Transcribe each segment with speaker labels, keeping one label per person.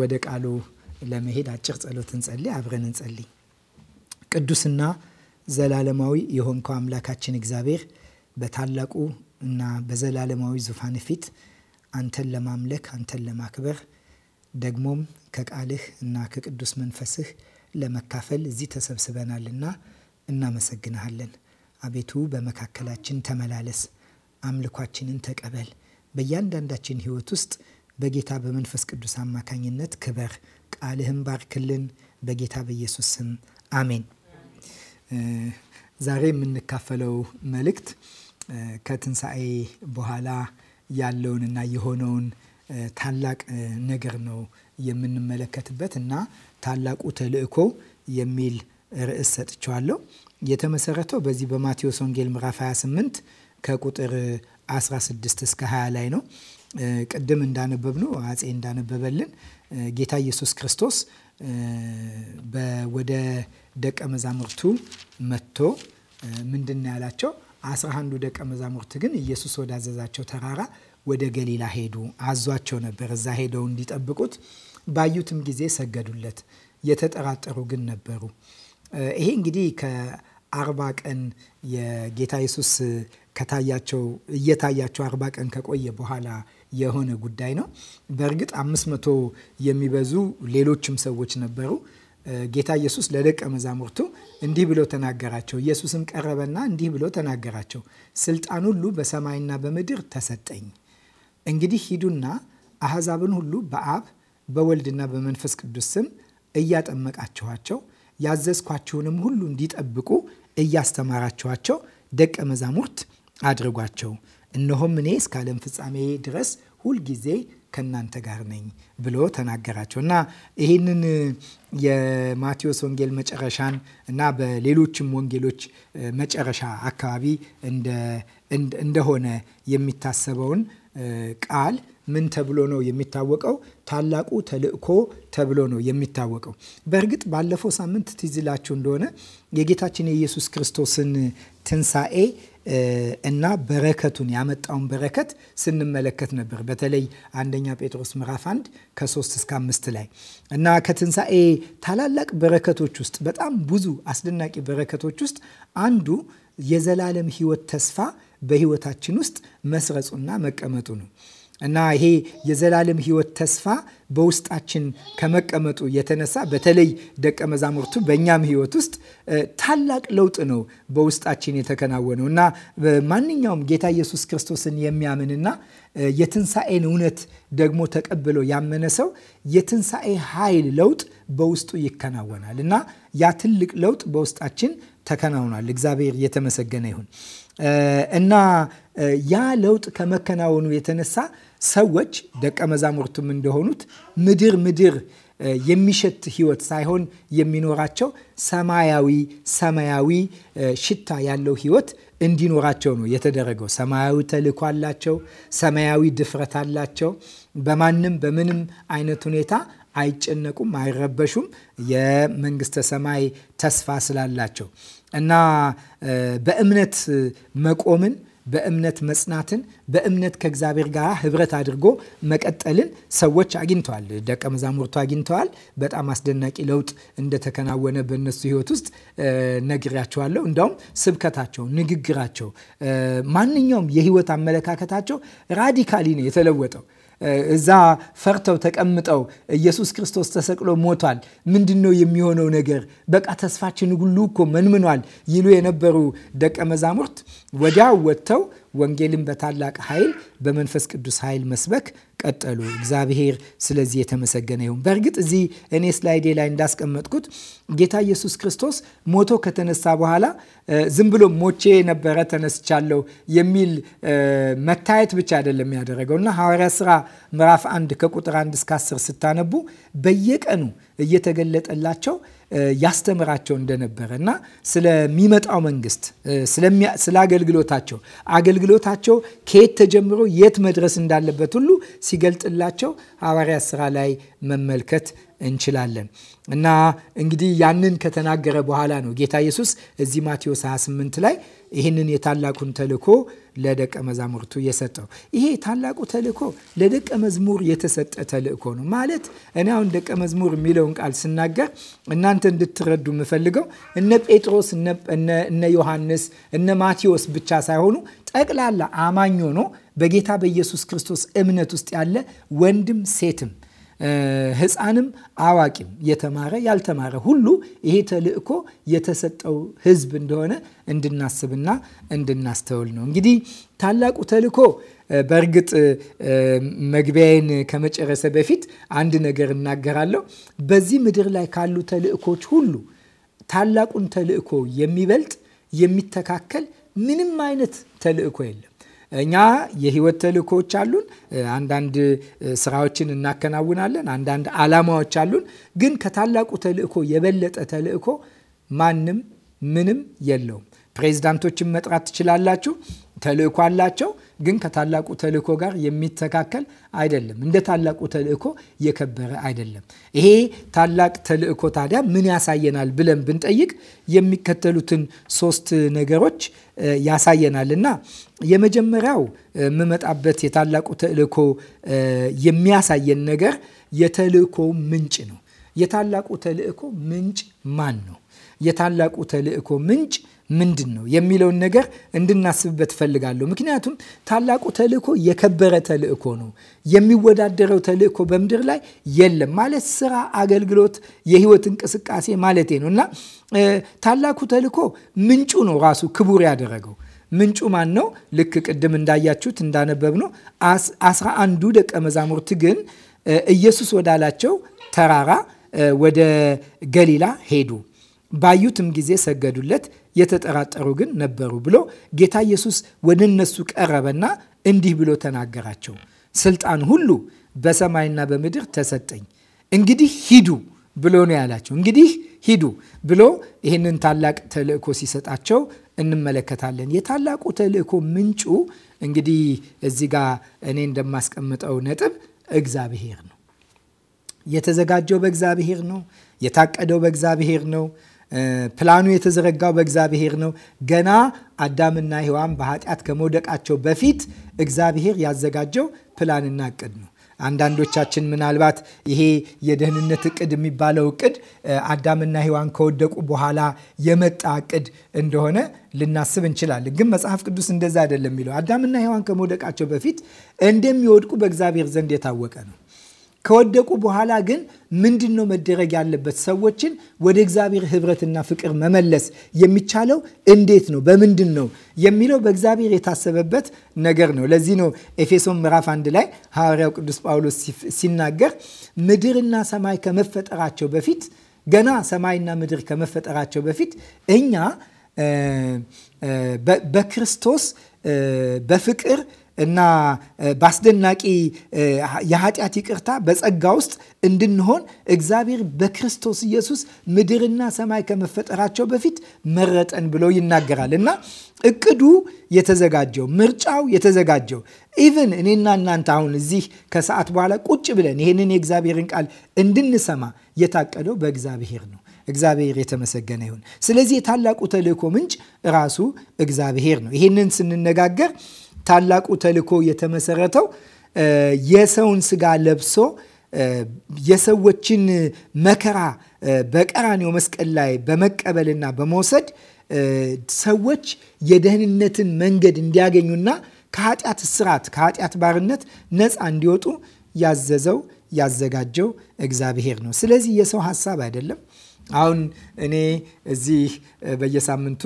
Speaker 1: ወደ ቃሉ ለመሄድ አጭር ጸሎት እንጸልይ። አብረን እንጸልይ። ቅዱስና ዘላለማዊ የሆንከው አምላካችን እግዚአብሔር በታላቁ እና በዘላለማዊ ዙፋን ፊት አንተን ለማምለክ አንተን ለማክበር ደግሞም ከቃልህ እና ከቅዱስ መንፈስህ ለመካፈል እዚህ ተሰብስበናልና እናመሰግንሃለን። አቤቱ በመካከላችን ተመላለስ፣ አምልኳችንን ተቀበል። በእያንዳንዳችን ሕይወት ውስጥ በጌታ በመንፈስ ቅዱስ አማካኝነት ክበር። ቃልህን ባርክልን። በጌታ በኢየሱስ ስም አሜን። ዛሬ የምንካፈለው መልእክት ከትንሣኤ በኋላ ያለውንና የሆነውን ታላቅ ነገር ነው የምንመለከትበት እና ታላቁ ተልእኮ የሚል ርዕስ ሰጥቸዋለሁ። የተመሰረተው በዚህ በማቴዎስ ወንጌል ምዕራፍ 28 ከቁጥር 16 እስከ 20 ላይ ነው። ቅድም እንዳነበብ ነው አፄ እንዳነበበልን ጌታ ኢየሱስ ክርስቶስ ወደ ደቀ መዛሙርቱ መጥቶ ምንድን ያላቸው? አስራ አንዱ ደቀ መዛሙርት ግን ኢየሱስ ወዳዘዛቸው ተራራ ወደ ገሊላ ሄዱ። አዟቸው ነበር እዛ ሄደው እንዲጠብቁት። ባዩትም ጊዜ ሰገዱለት። የተጠራጠሩ ግን ነበሩ። ይሄ እንግዲህ ከአርባ ቀን የጌታ ኢየሱስ ከታያቸው እየታያቸው አርባ ቀን ከቆየ በኋላ የሆነ ጉዳይ ነው። በእርግጥ አምስት መቶ የሚበዙ ሌሎችም ሰዎች ነበሩ። ጌታ ኢየሱስ ለደቀ መዛሙርቱ እንዲህ ብሎ ተናገራቸው። ኢየሱስም ቀረበና እንዲህ ብሎ ተናገራቸው፣ ስልጣን ሁሉ በሰማይና በምድር ተሰጠኝ። እንግዲህ ሂዱና አህዛብን ሁሉ በአብ በወልድና በመንፈስ ቅዱስ ስም እያጠመቃችኋቸው ያዘዝኳችሁንም ሁሉ እንዲጠብቁ እያስተማራችኋቸው ደቀ መዛሙርት አድርጓቸው እነሆም እኔ እስከ ዓለም ፍጻሜ ድረስ ሁልጊዜ ከእናንተ ጋር ነኝ ብሎ ተናገራቸው እና ይህንን የማቴዎስ ወንጌል መጨረሻን እና በሌሎችም ወንጌሎች መጨረሻ አካባቢ እንደሆነ የሚታሰበውን ቃል ምን ተብሎ ነው የሚታወቀው? ታላቁ ተልእኮ ተብሎ ነው የሚታወቀው። በእርግጥ ባለፈው ሳምንት ትዝላችሁ እንደሆነ የጌታችን የኢየሱስ ክርስቶስን ትንሣኤ እና በረከቱን ያመጣውን በረከት ስንመለከት ነበር። በተለይ አንደኛ ጴጥሮስ ምዕራፍ 1 ከ3 እስከ 5 ላይ እና ከትንሣኤ ታላላቅ በረከቶች ውስጥ በጣም ብዙ አስደናቂ በረከቶች ውስጥ አንዱ የዘላለም ሕይወት ተስፋ በሕይወታችን ውስጥ መስረጹና መቀመጡ ነው። እና ይሄ የዘላለም ህይወት ተስፋ በውስጣችን ከመቀመጡ የተነሳ በተለይ ደቀ መዛሙርቱ በእኛም ህይወት ውስጥ ታላቅ ለውጥ ነው በውስጣችን የተከናወነው እና ማንኛውም ጌታ ኢየሱስ ክርስቶስን የሚያምንና የትንሣኤን እውነት ደግሞ ተቀብሎ ያመነ ሰው የትንሣኤ ኃይል ለውጥ በውስጡ ይከናወናል እና ያ ትልቅ ለውጥ በውስጣችን ተከናውኗል። እግዚአብሔር የተመሰገነ ይሁን እና ያ ለውጥ ከመከናወኑ የተነሳ ሰዎች ደቀ መዛሙርቱም እንደሆኑት ምድር ምድር የሚሸት ህይወት ሳይሆን የሚኖራቸው ሰማያዊ ሰማያዊ ሽታ ያለው ህይወት እንዲኖራቸው ነው የተደረገው። ሰማያዊ ተልእኮ አላቸው። ሰማያዊ ድፍረት አላቸው። በማንም በምንም አይነት ሁኔታ አይጨነቁም፣ አይረበሹም። የመንግስተ ሰማይ ተስፋ ስላላቸው እና በእምነት መቆምን በእምነት መጽናትን በእምነት ከእግዚአብሔር ጋር ህብረት አድርጎ መቀጠልን ሰዎች አግኝተዋል። ደቀ መዛሙርቱ አግኝተዋል። በጣም አስደናቂ ለውጥ እንደተከናወነ በእነሱ ህይወት ውስጥ ነግሬያቸዋለሁ። እንዳውም ስብከታቸው፣ ንግግራቸው፣ ማንኛውም የህይወት አመለካከታቸው ራዲካሊ ነው የተለወጠው እዛ ፈርተው ተቀምጠው ኢየሱስ ክርስቶስ ተሰቅሎ ሞቷል፣ ምንድን ነው የሚሆነው ነገር? በቃ ተስፋችን ሁሉ እኮ መንምኗል ይሉ የነበሩ ደቀ መዛሙርት ወዲያው ወጥተው ወንጌልን በታላቅ ኃይል በመንፈስ ቅዱስ ኃይል መስበክ ቀጠሉ። እግዚአብሔር ስለዚህ የተመሰገነ ይሁን። በእርግጥ እዚህ እኔ ስላይዴ ላይ እንዳስቀመጥኩት ጌታ ኢየሱስ ክርስቶስ ሞቶ ከተነሳ በኋላ ዝም ብሎ ሞቼ ነበረ ተነስቻለሁ የሚል መታየት ብቻ አይደለም ያደረገው እና ሐዋርያ ስራ ምዕራፍ አንድ ከቁጥር አንድ እስከ አስር ስታነቡ በየቀኑ እየተገለጠላቸው ያስተምራቸው እንደነበረ እና ስለሚመጣው መንግስት፣ ስለ አገልግሎታቸው አገልግሎታቸው ከየት ተጀምሮ የት መድረስ እንዳለበት ሁሉ ሲገልጥላቸው ሐዋርያት ስራ ላይ መመልከት እንችላለን። እና እንግዲህ ያንን ከተናገረ በኋላ ነው ጌታ ኢየሱስ እዚህ ማቴዎስ 28 ላይ ይህንን የታላቁን ተልእኮ ለደቀ መዛሙርቱ የሰጠው። ይሄ ታላቁ ተልእኮ ለደቀ መዝሙር የተሰጠ ተልእኮ ነው ማለት እኔ አሁን ደቀ መዝሙር የሚለውን ቃል ስናገር እናንተ እንድትረዱ የምፈልገው እነ ጴጥሮስ፣ እነ ዮሐንስ፣ እነ ማቴዎስ ብቻ ሳይሆኑ ጠቅላላ አማኝ ሆኖ በጌታ በኢየሱስ ክርስቶስ እምነት ውስጥ ያለ ወንድም ሴትም ህፃንም አዋቂም የተማረ ያልተማረ ሁሉ ይሄ ተልእኮ የተሰጠው ህዝብ እንደሆነ እንድናስብና እንድናስተውል ነው። እንግዲህ ታላቁ ተልእኮ በእርግጥ መግቢያዬን ከመጨረሰ በፊት አንድ ነገር እናገራለሁ። በዚህ ምድር ላይ ካሉ ተልእኮች ሁሉ ታላቁን ተልእኮ የሚበልጥ የሚተካከል ምንም አይነት ተልእኮ የለም። እኛ የህይወት ተልእኮዎች አሉን። አንዳንድ ስራዎችን እናከናውናለን። አንዳንድ አላማዎች አሉን። ግን ከታላቁ ተልእኮ የበለጠ ተልእኮ ማንም ምንም የለውም። ፕሬዚዳንቶችን መጥራት ትችላላችሁ። ተልእኮ አላቸው። ግን ከታላቁ ተልእኮ ጋር የሚተካከል አይደለም። እንደ ታላቁ ተልእኮ የከበረ አይደለም። ይሄ ታላቅ ተልእኮ ታዲያ ምን ያሳየናል ብለን ብንጠይቅ የሚከተሉትን ሶስት ነገሮች ያሳየናል እና የመጀመሪያው የምመጣበት የታላቁ ተልእኮ የሚያሳየን ነገር የተልእኮ ምንጭ ነው። የታላቁ ተልእኮ ምንጭ ማን ነው? የታላቁ ተልእኮ ምንጭ ምንድን ነው የሚለውን ነገር እንድናስብበት እፈልጋለሁ። ምክንያቱም ታላቁ ተልእኮ የከበረ ተልእኮ ነው። የሚወዳደረው ተልእኮ በምድር ላይ የለም ማለት ስራ፣ አገልግሎት፣ የህይወት እንቅስቃሴ ማለቴ ነው እና ታላቁ ተልእኮ ምንጩ ነው ራሱ ክቡር ያደረገው ምንጩ ማን ነው? ልክ ቅድም እንዳያችሁት እንዳነበብ ነው አስራ አንዱ ደቀ መዛሙርት ግን ኢየሱስ ወዳላቸው ተራራ ወደ ገሊላ ሄዱ። ባዩትም ጊዜ ሰገዱለት። የተጠራጠሩ ግን ነበሩ ብሎ ጌታ ኢየሱስ ወደ እነሱ ቀረበና እንዲህ ብሎ ተናገራቸው። ስልጣን ሁሉ በሰማይና በምድር ተሰጠኝ። እንግዲህ ሂዱ ብሎ ነው ያላቸው። እንግዲህ ሂዱ ብሎ ይህንን ታላቅ ተልእኮ ሲሰጣቸው እንመለከታለን። የታላቁ ተልእኮ ምንጩ እንግዲህ እዚህ ጋ እኔ እንደማስቀምጠው ነጥብ እግዚአብሔር ነው። የተዘጋጀው በእግዚአብሔር ነው። የታቀደው በእግዚአብሔር ነው። ፕላኑ የተዘረጋው በእግዚአብሔር ነው። ገና አዳምና ሔዋን በኃጢአት ከመውደቃቸው በፊት እግዚአብሔር ያዘጋጀው ፕላንና እቅድ ነው። አንዳንዶቻችን ምናልባት ይሄ የደህንነት እቅድ የሚባለው እቅድ አዳምና ሔዋን ከወደቁ በኋላ የመጣ እቅድ እንደሆነ ልናስብ እንችላለን። ግን መጽሐፍ ቅዱስ እንደዛ አይደለም የሚለው። አዳምና ሔዋን ከመውደቃቸው በፊት እንደሚወድቁ በእግዚአብሔር ዘንድ የታወቀ ነው። ከወደቁ በኋላ ግን ምንድን ነው መደረግ ያለበት? ሰዎችን ወደ እግዚአብሔር ህብረትና ፍቅር መመለስ የሚቻለው እንዴት ነው? በምንድን ነው የሚለው በእግዚአብሔር የታሰበበት ነገር ነው። ለዚህ ነው ኤፌሶን ምዕራፍ አንድ ላይ ሐዋርያው ቅዱስ ጳውሎስ ሲናገር ምድርና ሰማይ ከመፈጠራቸው በፊት ገና ሰማይና ምድር ከመፈጠራቸው በፊት እኛ በክርስቶስ በፍቅር እና በአስደናቂ የኃጢአት ይቅርታ በጸጋ ውስጥ እንድንሆን እግዚአብሔር በክርስቶስ ኢየሱስ ምድርና ሰማይ ከመፈጠራቸው በፊት መረጠን ብሎ ይናገራል እና እቅዱ የተዘጋጀው ምርጫው የተዘጋጀው ኢቨን እኔና እናንተ አሁን እዚህ ከሰዓት በኋላ ቁጭ ብለን ይህንን የእግዚአብሔርን ቃል እንድንሰማ የታቀደው በእግዚአብሔር ነው። እግዚአብሔር የተመሰገነ ይሁን። ስለዚህ የታላቁ ተልእኮ ምንጭ ራሱ እግዚአብሔር ነው። ይህንን ስንነጋገር ታላቁ ተልእኮ የተመሰረተው የሰውን ስጋ ለብሶ የሰዎችን መከራ በቀራኔው መስቀል ላይ በመቀበልና በመውሰድ ሰዎች የደህንነትን መንገድ እንዲያገኙና ከኃጢአት ስርዓት ከኃጢአት ባርነት ነፃ እንዲወጡ ያዘዘው ያዘጋጀው እግዚአብሔር ነው። ስለዚህ የሰው ሀሳብ አይደለም። አሁን እኔ እዚህ በየሳምንቱ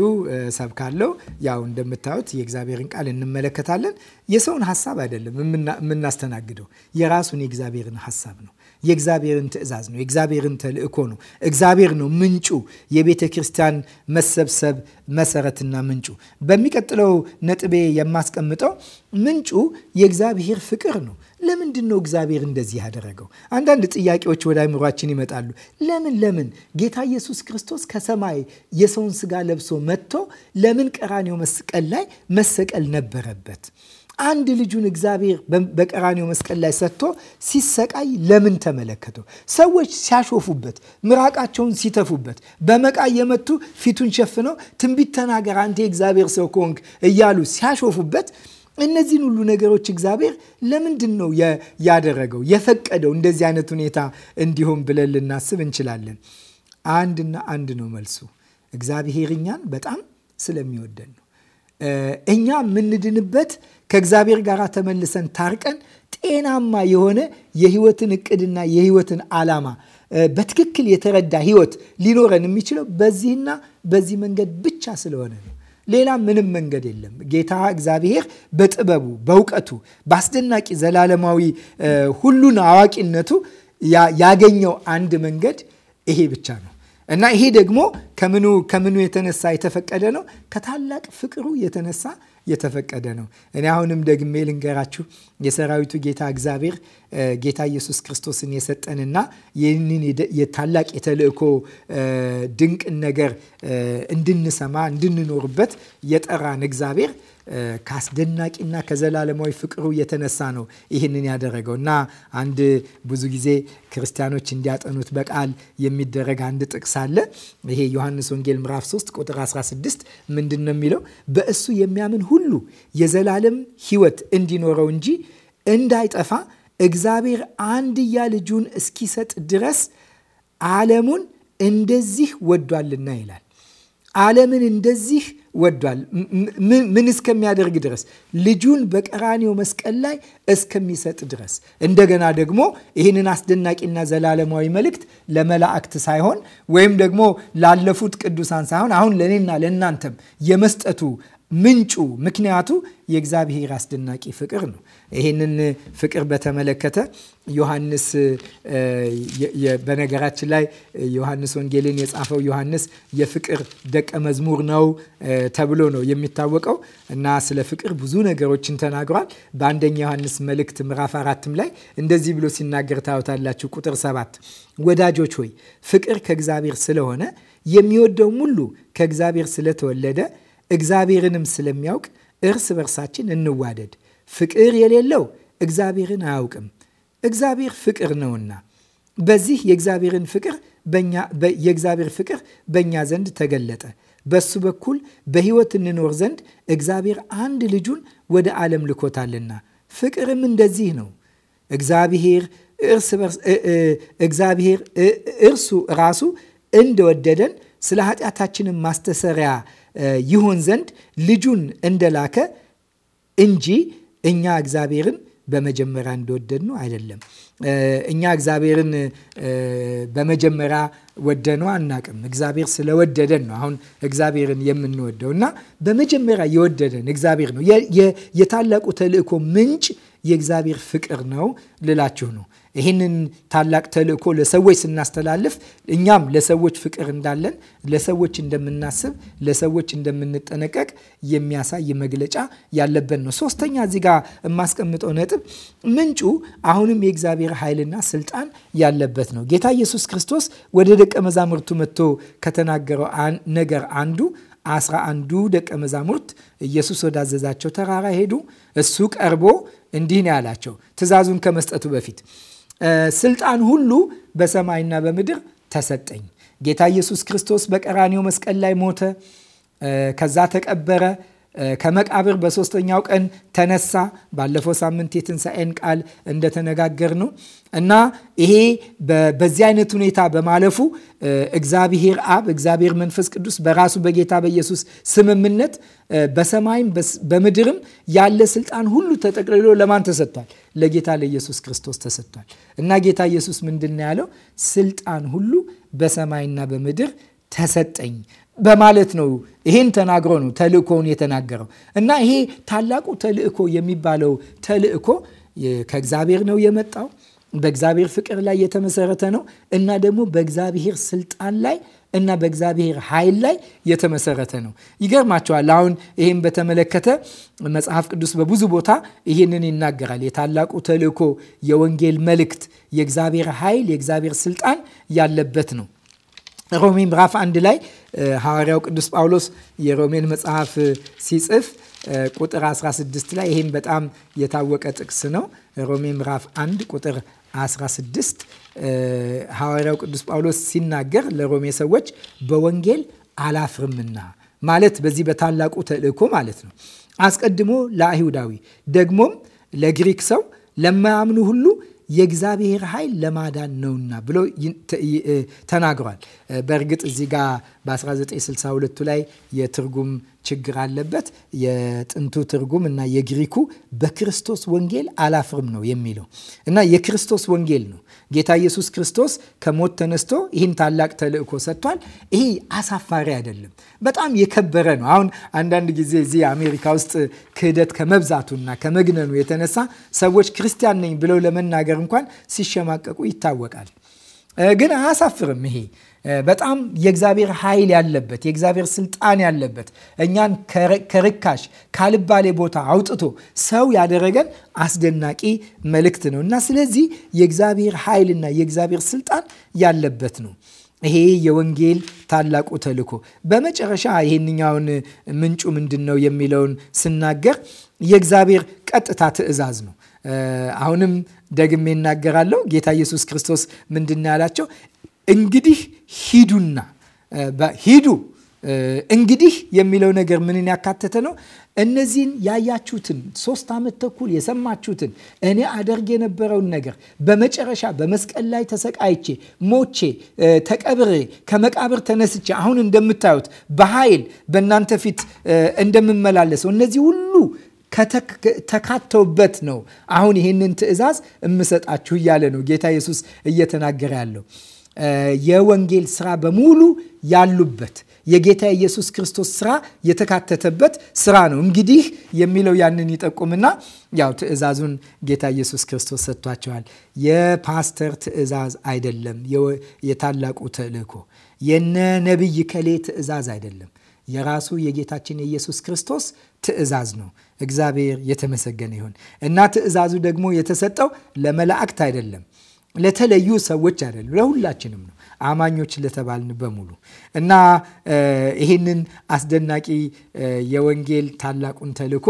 Speaker 1: ካለው ያው እንደምታዩት የእግዚአብሔርን ቃል እንመለከታለን። የሰውን ሀሳብ አይደለም የምናስተናግደው፣ የራሱን የእግዚአብሔርን ሀሳብ ነው። የእግዚአብሔርን ትእዛዝ ነው። የእግዚአብሔርን ተልእኮ ነው። እግዚአብሔር ነው ምንጩ፣ የቤተ ክርስቲያን መሰብሰብ መሰረትና ምንጩ። በሚቀጥለው ነጥቤ የማስቀምጠው ምንጩ የእግዚአብሔር ፍቅር ነው። ለምንድን ነው እግዚአብሔር እንደዚህ ያደረገው? አንዳንድ ጥያቄዎች ወደ አይምሯችን ይመጣሉ። ለምን ለምን ጌታ ኢየሱስ ክርስቶስ ከሰማይ የሰውን ስጋ ለብሶ መጥቶ ለምን ቀራኔው መስቀል ላይ መሰቀል ነበረበት? አንድ ልጁን እግዚአብሔር በቀራኔው መስቀል ላይ ሰጥቶ ሲሰቃይ ለምን ተመለከተው? ሰዎች ሲያሾፉበት፣ ምራቃቸውን ሲተፉበት፣ በመቃ የመቱ ፊቱን ሸፍነው ትንቢት ተናገር አንተ የእግዚአብሔር ሰው ከሆንክ እያሉ ሲያሾፉበት እነዚህን ሁሉ ነገሮች እግዚአብሔር ለምንድን ነው ያደረገው የፈቀደው እንደዚህ አይነት ሁኔታ እንዲሆን ብለን ልናስብ እንችላለን። አንድና አንድ ነው መልሱ። እግዚአብሔር እኛን በጣም ስለሚወደን ነው። እኛ የምንድንበት ከእግዚአብሔር ጋር ተመልሰን ታርቀን ጤናማ የሆነ የህይወትን እቅድና የህይወትን ዓላማ በትክክል የተረዳ ህይወት ሊኖረን የሚችለው በዚህና በዚህ መንገድ ብቻ ስለሆነ ነው። ሌላ ምንም መንገድ የለም። ጌታ እግዚአብሔር በጥበቡ በእውቀቱ፣ በአስደናቂ ዘላለማዊ ሁሉን አዋቂነቱ ያገኘው አንድ መንገድ ይሄ ብቻ ነው እና ይሄ ደግሞ ከምኑ ከምኑ የተነሳ የተፈቀደ ነው? ከታላቅ ፍቅሩ የተነሳ የተፈቀደ ነው። እኔ አሁንም ደግሜ ልንገራችሁ የሰራዊቱ ጌታ እግዚአብሔር ጌታ ኢየሱስ ክርስቶስን የሰጠንና ይህንን ታላቅ የተልእኮ ድንቅን ነገር እንድንሰማ እንድንኖርበት የጠራን እግዚአብሔር ከአስደናቂና ከዘላለማዊ ፍቅሩ የተነሳ ነው ይህንን ያደረገው እና አንድ ብዙ ጊዜ ክርስቲያኖች እንዲያጠኑት በቃል የሚደረግ አንድ ጥቅስ አለ። ይሄ ዮሐንስ ወንጌል ምዕራፍ 3 ቁጥር 16 ምንድን ነው የሚለው? በእሱ የሚያምን ሁሉ የዘላለም ሕይወት እንዲኖረው እንጂ እንዳይጠፋ እግዚአብሔር አንድያ ልጁን እስኪሰጥ ድረስ ዓለሙን እንደዚህ ወዷልና ይላል። ዓለምን እንደዚህ ወዷል። ምን እስከሚያደርግ ድረስ? ልጁን በቀራኔው መስቀል ላይ እስከሚሰጥ ድረስ። እንደገና ደግሞ ይህንን አስደናቂና ዘላለማዊ መልእክት ለመላእክት ሳይሆን ወይም ደግሞ ላለፉት ቅዱሳን ሳይሆን አሁን ለእኔና ለእናንተም የመስጠቱ ምንጩ ምክንያቱ የእግዚአብሔር አስደናቂ ፍቅር ነው። ይህንን ፍቅር በተመለከተ ዮሐንስ በነገራችን ላይ ዮሐንስ ወንጌልን የጻፈው ዮሐንስ የፍቅር ደቀ መዝሙር ነው ተብሎ ነው የሚታወቀው እና ስለ ፍቅር ብዙ ነገሮችን ተናግሯል። በአንደኛ ዮሐንስ መልእክት ምዕራፍ አራትም ላይ እንደዚህ ብሎ ሲናገር ታዩታላችሁ። ቁጥር ሰባት ወዳጆች ሆይ ፍቅር ከእግዚአብሔር ስለሆነ የሚወደው ሙሉ ከእግዚአብሔር ስለተወለደ እግዚአብሔርንም ስለሚያውቅ እርስ በርሳችን እንዋደድ ፍቅር የሌለው እግዚአብሔርን አያውቅም። እግዚአብሔር ፍቅር ነውና በዚህ የእግዚአብሔርን ፍቅር የእግዚአብሔር ፍቅር በእኛ ዘንድ ተገለጠ። በሱ በኩል በሕይወት እንኖር ዘንድ እግዚአብሔር አንድ ልጁን ወደ ዓለም ልኮታልና ፍቅርም እንደዚህ ነው። እግዚአብሔር እግዚአብሔር እርሱ ራሱ እንደወደደን ስለ ኃጢአታችንም ማስተሰሪያ ይሆን ዘንድ ልጁን እንደላከ እንጂ እኛ እግዚአብሔርን በመጀመሪያ እንደወደድ ነው አይደለም። እኛ እግዚአብሔርን በመጀመሪያ ነው አናቅም። እግዚአብሔር ስለወደደን ነው አሁን እግዚአብሔርን የምንወደው እና በመጀመሪያ የወደደን እግዚአብሔር ነው። የታላቁ ተልእኮ ምንጭ የእግዚአብሔር ፍቅር ነው ልላችሁ ነው። ይህንን ታላቅ ተልእኮ ለሰዎች ስናስተላልፍ እኛም ለሰዎች ፍቅር እንዳለን፣ ለሰዎች እንደምናስብ፣ ለሰዎች እንደምንጠነቀቅ የሚያሳይ መግለጫ ያለበት ነው። ሶስተኛ እዚህ ጋር የማስቀምጠው ነጥብ ምንጩ አሁንም የእግዚአብሔር ኃይልና ስልጣን ያለበት ነው። ጌታ ኢየሱስ ክርስቶስ ወደ ደቀ መዛሙርቱ መጥቶ ከተናገረው ነገር አንዱ አስራ አንዱ ደቀ መዛሙርት ኢየሱስ ወዳዘዛቸው ተራራ ሄዱ። እሱ ቀርቦ እንዲህ ነው ያላቸው ትእዛዙን ከመስጠቱ በፊት ስልጣን ሁሉ በሰማይና በምድር ተሰጠኝ። ጌታ ኢየሱስ ክርስቶስ በቀራኒው መስቀል ላይ ሞተ፣ ከዛ ተቀበረ፣ ከመቃብር በሶስተኛው ቀን ተነሳ። ባለፈው ሳምንት የትንሣኤን ቃል እንደተነጋገር ነው እና ይሄ በዚህ አይነት ሁኔታ በማለፉ እግዚአብሔር አብ፣ እግዚአብሔር መንፈስ ቅዱስ በራሱ በጌታ በኢየሱስ ስምምነት በሰማይም በምድርም ያለ ስልጣን ሁሉ ተጠቅልሎ ለማን ተሰጥቷል? ለጌታ ለኢየሱስ ክርስቶስ ተሰጥቷል። እና ጌታ ኢየሱስ ምንድን ነው ያለው? ስልጣን ሁሉ በሰማይና በምድር ተሰጠኝ በማለት ነው። ይህን ተናግሮ ነው ተልእኮውን የተናገረው እና ይሄ ታላቁ ተልእኮ የሚባለው ተልእኮ ከእግዚአብሔር ነው የመጣው በእግዚአብሔር ፍቅር ላይ የተመሰረተ ነው እና ደግሞ በእግዚአብሔር ስልጣን ላይ እና በእግዚአብሔር ኃይል ላይ የተመሰረተ ነው። ይገርማቸዋል። አሁን ይህን በተመለከተ መጽሐፍ ቅዱስ በብዙ ቦታ ይህንን ይናገራል። የታላቁ ተልእኮ የወንጌል መልእክት የእግዚአብሔር ኃይል፣ የእግዚአብሔር ስልጣን ያለበት ነው። ሮሜ ምዕራፍ አንድ ላይ ሐዋርያው ቅዱስ ጳውሎስ የሮሜን መጽሐፍ ሲጽፍ ቁጥር 16 ላይ ይህም በጣም የታወቀ ጥቅስ ነው። ሮሜ ምዕራፍ 1 ቁጥር 16 ሐዋርያው ቅዱስ ጳውሎስ ሲናገር ለሮሜ ሰዎች በወንጌል አላፍርምና ማለት በዚህ በታላቁ ተልእኮ ማለት ነው። አስቀድሞ ለአይሁዳዊ ደግሞም ለግሪክ ሰው ለማያምኑ ሁሉ የእግዚአብሔር ኃይል ለማዳን ነውና ብሎ ተናግሯል። በእርግጥ እዚህ ጋር በ1962ቱ ላይ የትርጉም ችግር አለበት። የጥንቱ ትርጉም እና የግሪኩ በክርስቶስ ወንጌል አላፍርም ነው የሚለው እና የክርስቶስ ወንጌል ነው። ጌታ ኢየሱስ ክርስቶስ ከሞት ተነስቶ ይህን ታላቅ ተልእኮ ሰጥቷል። ይሄ አሳፋሪ አይደለም፣ በጣም የከበረ ነው። አሁን አንዳንድ ጊዜ እዚህ አሜሪካ ውስጥ ክህደት ከመብዛቱና ከመግነኑ የተነሳ ሰዎች ክርስቲያን ነኝ ብለው ለመናገር እንኳን ሲሸማቀቁ ይታወቃል። ግን አያሳፍርም ይሄ በጣም የእግዚአብሔር ኃይል ያለበት የእግዚአብሔር ስልጣን ያለበት እኛን ከርካሽ ካልባሌ ቦታ አውጥቶ ሰው ያደረገን አስደናቂ መልእክት ነው እና ስለዚህ የእግዚአብሔር ኃይልና የእግዚአብሔር ስልጣን ያለበት ነው። ይሄ የወንጌል ታላቁ ተልእኮ። በመጨረሻ ይህንኛውን ምንጩ ምንድን ነው የሚለውን ስናገር የእግዚአብሔር ቀጥታ ትእዛዝ ነው። አሁንም ደግሜ እናገራለሁ። ጌታ ኢየሱስ ክርስቶስ ምንድን ያላቸው እንግዲህ ሂዱና ሂዱ እንግዲህ የሚለው ነገር ምንን ያካተተ ነው? እነዚህን ያያችሁትን ሶስት ዓመት ተኩል የሰማችሁትን እኔ አደርግ የነበረውን ነገር በመጨረሻ በመስቀል ላይ ተሰቃይቼ ሞቼ ተቀብሬ ከመቃብር ተነስቼ አሁን እንደምታዩት በኃይል በእናንተ ፊት እንደምመላለሰው እነዚህ ሁሉ ተካተውበት ነው አሁን ይህንን ትእዛዝ እምሰጣችሁ እያለ ነው ጌታ ኢየሱስ እየተናገረ ያለው። የወንጌል ስራ በሙሉ ያሉበት የጌታ ኢየሱስ ክርስቶስ ስራ የተካተተበት ስራ ነው። እንግዲህ የሚለው ያንን ይጠቁምና ያው ትእዛዙን ጌታ ኢየሱስ ክርስቶስ ሰጥቷቸዋል። የፓስተር ትእዛዝ አይደለም። የታላቁ ተልእኮ የነ ነቢይ ከሌ ትእዛዝ አይደለም። የራሱ የጌታችን የኢየሱስ ክርስቶስ ትእዛዝ ነው። እግዚአብሔር የተመሰገነ ይሁን እና ትእዛዙ ደግሞ የተሰጠው ለመላእክት አይደለም ለተለዩ ሰዎች አይደለም፣ ለሁላችንም ነው አማኞች ለተባልን በሙሉ እና ይህንን አስደናቂ የወንጌል ታላቁን ተልዕኮ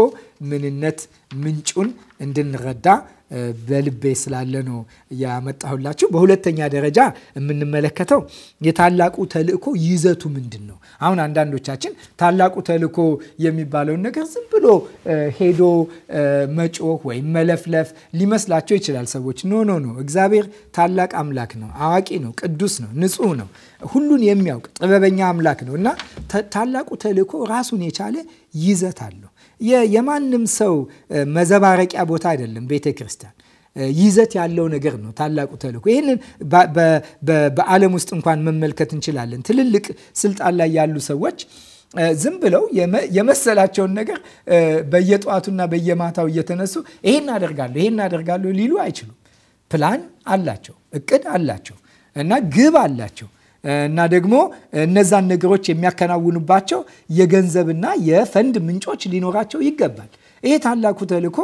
Speaker 1: ምንነት ምንጩን እንድንረዳ በልቤ ስላለ ነው ያመጣሁላችሁ። በሁለተኛ ደረጃ የምንመለከተው የታላቁ ተልእኮ ይዘቱ ምንድን ነው? አሁን አንዳንዶቻችን ታላቁ ተልእኮ የሚባለውን ነገር ዝም ብሎ ሄዶ መጮህ ወይም መለፍለፍ ሊመስላቸው ይችላል ሰዎች። ኖ ኖ ኖ፣ እግዚአብሔር ታላቅ አምላክ ነው። አዋቂ ነው፣ ቅዱስ ነው፣ ንጹህ ነው፣ ሁሉን የሚያውቅ ጥበበኛ አምላክ ነው እና ታላቁ ተልእኮ ራሱን የቻለ ይዘት አለው። የማንም ሰው መዘባረቂያ ቦታ አይደለም ቤተ ክርስቲያን ይዘት ያለው ነገር ነው። ታላቁ ተልእኮ ይህንን በዓለም ውስጥ እንኳን መመልከት እንችላለን። ትልልቅ ስልጣን ላይ ያሉ ሰዎች ዝም ብለው የመሰላቸውን ነገር በየጠዋቱና በየማታው እየተነሱ ይሄን አደርጋለሁ ይሄን አደርጋለሁ ሊሉ አይችሉም። ፕላን አላቸው፣ እቅድ አላቸው እና ግብ አላቸው። እና ደግሞ እነዛን ነገሮች የሚያከናውኑባቸው የገንዘብና የፈንድ ምንጮች ሊኖራቸው ይገባል። ይሄ ታላቁ ተልእኮ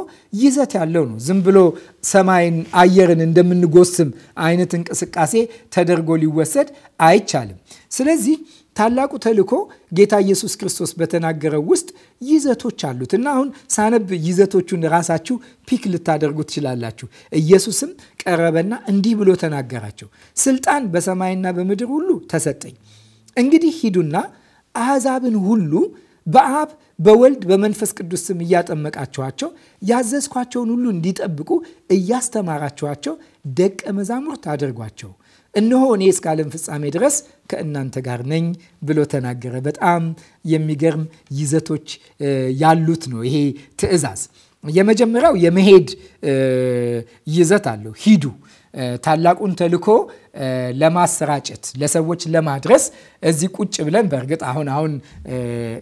Speaker 1: ይዘት ያለው ነው። ዝም ብሎ ሰማይን አየርን እንደምንጎስም አይነት እንቅስቃሴ ተደርጎ ሊወሰድ አይቻልም። ስለዚህ ታላቁ ተልእኮ ጌታ ኢየሱስ ክርስቶስ በተናገረው ውስጥ ይዘቶች አሉት እና አሁን ሳነብ ይዘቶቹን ራሳችሁ ፒክ ልታደርጉ ትችላላችሁ። ኢየሱስም ቀረበና እንዲህ ብሎ ተናገራቸው፣ ስልጣን በሰማይና በምድር ሁሉ ተሰጠኝ። እንግዲህ ሂዱና አሕዛብን ሁሉ በአብ በወልድ በመንፈስ ቅዱስ ስም እያጠመቃችኋቸው ያዘዝኳቸውን ሁሉ እንዲጠብቁ እያስተማራችኋቸው ደቀ መዛሙርት አድርጓቸው እነሆ እኔ እስከ ዓለም ፍጻሜ ድረስ ከእናንተ ጋር ነኝ ብሎ ተናገረ። በጣም የሚገርም ይዘቶች ያሉት ነው ይሄ ትዕዛዝ። የመጀመሪያው የመሄድ ይዘት አለው። ሂዱ ታላቁን ተልኮ ለማሰራጨት ለሰዎች ለማድረስ እዚህ ቁጭ ብለን በእርግጥ አሁን አሁን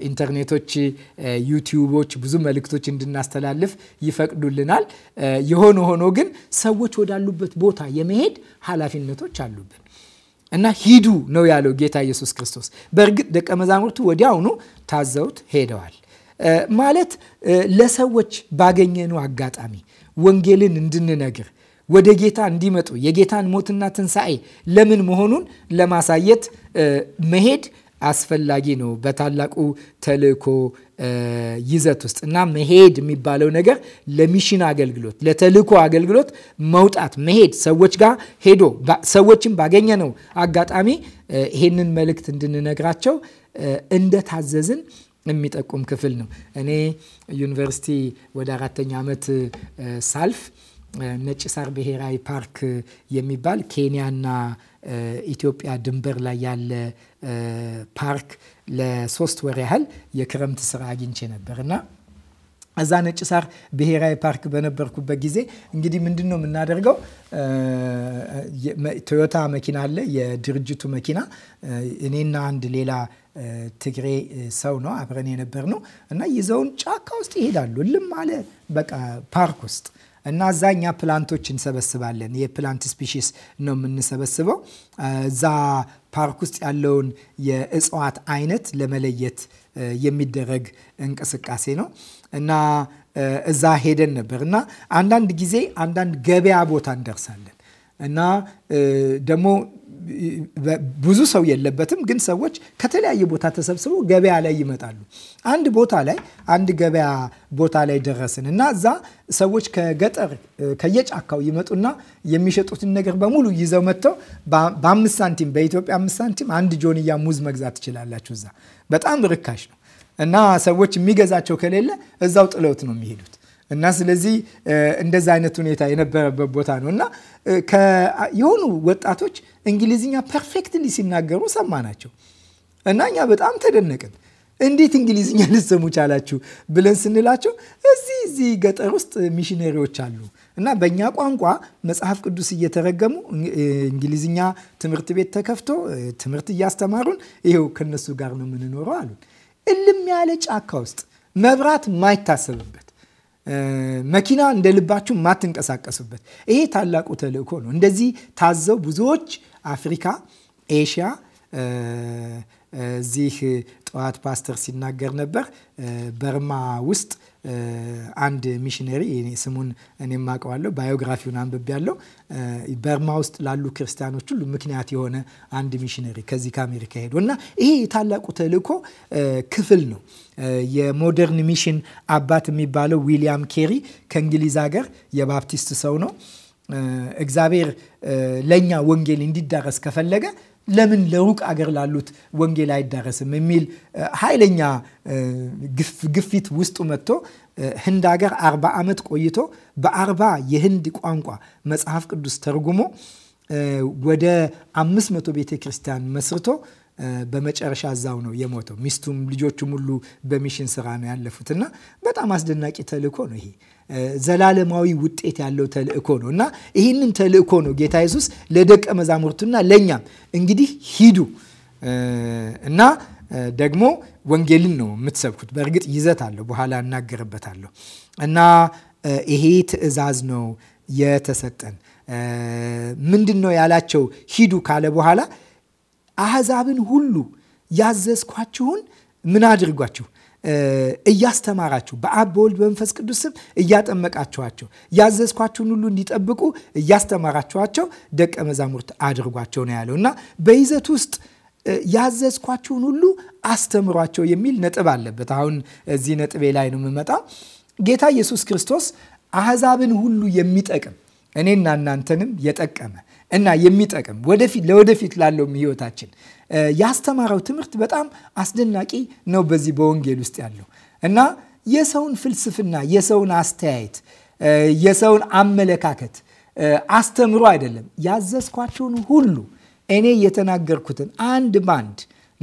Speaker 1: ኢንተርኔቶች፣ ዩቲዩቦች ብዙ መልእክቶች እንድናስተላልፍ ይፈቅዱልናል። የሆነ ሆኖ ግን ሰዎች ወዳሉበት ቦታ የመሄድ ኃላፊነቶች አሉብን እና ሂዱ ነው ያለው ጌታ ኢየሱስ ክርስቶስ። በእርግጥ ደቀ መዛሙርቱ ወዲያውኑ ታዘውት ሄደዋል። ማለት ለሰዎች ባገኘኑ አጋጣሚ ወንጌልን እንድንነግር ወደ ጌታ እንዲመጡ የጌታን ሞትና ትንሣኤ ለምን መሆኑን ለማሳየት መሄድ አስፈላጊ ነው። በታላቁ ተልእኮ ይዘት ውስጥ እና መሄድ የሚባለው ነገር ለሚሽን አገልግሎት፣ ለተልእኮ አገልግሎት መውጣት፣ መሄድ ሰዎች ጋር ሄዶ ሰዎችን ባገኘነው አጋጣሚ ይሄንን መልእክት እንድንነግራቸው እንደታዘዝን የሚጠቁም ክፍል ነው። እኔ ዩኒቨርሲቲ ወደ አራተኛ ዓመት ሳልፍ ነጭ ሳር ብሔራዊ ፓርክ የሚባል ኬንያና ኢትዮጵያ ድንበር ላይ ያለ ፓርክ ለሶስት ወር ያህል የክረምት ስራ አግኝቼ ነበር እና እዛ ነጭ ሳር ብሔራዊ ፓርክ በነበርኩበት ጊዜ እንግዲህ ምንድን ነው የምናደርገው? ቶዮታ መኪና አለ፣ የድርጅቱ መኪና። እኔና አንድ ሌላ ትግሬ ሰው ነው አብረን የነበር ነው እና ይዘውን ጫካ ውስጥ ይሄዳሉ። ልም አለ በቃ ፓርክ ውስጥ እና እዛ እኛ ፕላንቶች እንሰበስባለን። የፕላንት ስፒሺስ ነው የምንሰበስበው። እዛ ፓርክ ውስጥ ያለውን የእጽዋት አይነት ለመለየት የሚደረግ እንቅስቃሴ ነው እና እዛ ሄደን ነበር እና አንዳንድ ጊዜ አንዳንድ ገበያ ቦታ እንደርሳለን እና ደግሞ ብዙ ሰው የለበትም፣ ግን ሰዎች ከተለያየ ቦታ ተሰብስበው ገበያ ላይ ይመጣሉ። አንድ ቦታ ላይ አንድ ገበያ ቦታ ላይ ደረስን እና እዛ ሰዎች ከገጠር ከየጫካው ይመጡና የሚሸጡትን ነገር በሙሉ ይዘው መጥተው በአምስት ሳንቲም በኢትዮጵያ አምስት ሳንቲም አንድ ጆንያ ሙዝ መግዛት ትችላላችሁ። እዛ በጣም ርካሽ ነው እና ሰዎች የሚገዛቸው ከሌለ እዛው ጥለውት ነው የሚሄዱት እና ስለዚህ እንደዛ አይነት ሁኔታ የነበረበት ቦታ ነው እና የሆኑ ወጣቶች እንግሊዝኛ ፐርፌክትሊ ሲናገሩ ሰማናቸው እና እኛ በጣም ተደነቅን። እንዴት እንግሊዝኛ ልትሰሙ ቻላችሁ ብለን ስንላቸው እዚህ እዚህ ገጠር ውስጥ ሚሽነሪዎች አሉ እና በእኛ ቋንቋ መጽሐፍ ቅዱስ እየተረገሙ እንግሊዝኛ ትምህርት ቤት ተከፍቶ ትምህርት እያስተማሩን ይኸው ከነሱ ጋር ነው የምንኖረው አሉን። እልም ያለ ጫካ ውስጥ መብራት ማይታሰብበት መኪና እንደ ልባችሁ ማትንቀሳቀሱበት ይሄ ታላቁ ተልእኮ ነው። እንደዚህ ታዘው ብዙዎች አፍሪካ፣ ኤሽያ እዚህ ጠዋት ፓስተር ሲናገር ነበር በርማ ውስጥ አንድ ሚሽነሪ ስሙን እኔ ማቀዋለሁ ባዮግራፊውን አንብቤ ያለው በርማ ውስጥ ላሉ ክርስቲያኖች ሁሉ ምክንያት የሆነ አንድ ሚሽነሪ ከዚህ ከአሜሪካ ሄዶ እና ይሄ የታላቁ ተልእኮ ክፍል ነው። የሞደርን ሚሽን አባት የሚባለው ዊሊያም ኬሪ ከእንግሊዝ ሀገር የባፕቲስት ሰው ነው። እግዚአብሔር ለእኛ ወንጌል እንዲዳረስ ከፈለገ ለምን ለሩቅ አገር ላሉት ወንጌል አይዳረስም የሚል ኃይለኛ ግፊት ውስጡ መጥቶ ህንድ ሀገር አርባ ዓመት ቆይቶ በአርባ የህንድ ቋንቋ መጽሐፍ ቅዱስ ተርጉሞ ወደ አምስት መቶ ቤተ ክርስቲያን መስርቶ በመጨረሻ እዛው ነው የሞተው። ሚስቱም ልጆቹም ሁሉ በሚሽን ስራ ነው ያለፉት እና በጣም አስደናቂ ተልእኮ ነው ይሄ። ዘላለማዊ ውጤት ያለው ተልእኮ ነው እና ይህንን ተልእኮ ነው ጌታ ኢየሱስ ለደቀ መዛሙርቱና ለእኛም እንግዲህ ሂዱ እና ደግሞ ወንጌልን ነው የምትሰብኩት። በእርግጥ ይዘት አለው፣ በኋላ እናገርበታለሁ እና ይሄ ትእዛዝ ነው የተሰጠን። ምንድን ነው ያላቸው? ሂዱ ካለ በኋላ አህዛብን ሁሉ ያዘዝኳችሁን ምን አድርጓችሁ እያስተማራችሁ በአብ በወልድ በመንፈስ ቅዱስ ስም እያጠመቃችኋቸው ያዘዝኳችሁን ሁሉ እንዲጠብቁ እያስተማራችኋቸው ደቀ መዛሙርት አድርጓቸው ነው ያለው እና በይዘት ውስጥ ያዘዝኳችሁን ሁሉ አስተምሯቸው የሚል ነጥብ አለበት። አሁን እዚህ ነጥቤ ላይ ነው የምመጣው። ጌታ ኢየሱስ ክርስቶስ አሕዛብን ሁሉ የሚጠቅም እኔና እናንተንም የጠቀመ እና የሚጠቅም ለወደፊት ላለውም ህይወታችን ያስተማረው ትምህርት በጣም አስደናቂ ነው በዚህ በወንጌል ውስጥ ያለው እና የሰውን ፍልስፍና፣ የሰውን አስተያየት፣ የሰውን አመለካከት አስተምሮ አይደለም ያዘዝኳቸውን ሁሉ እኔ የተናገርኩትን አንድ ባንድ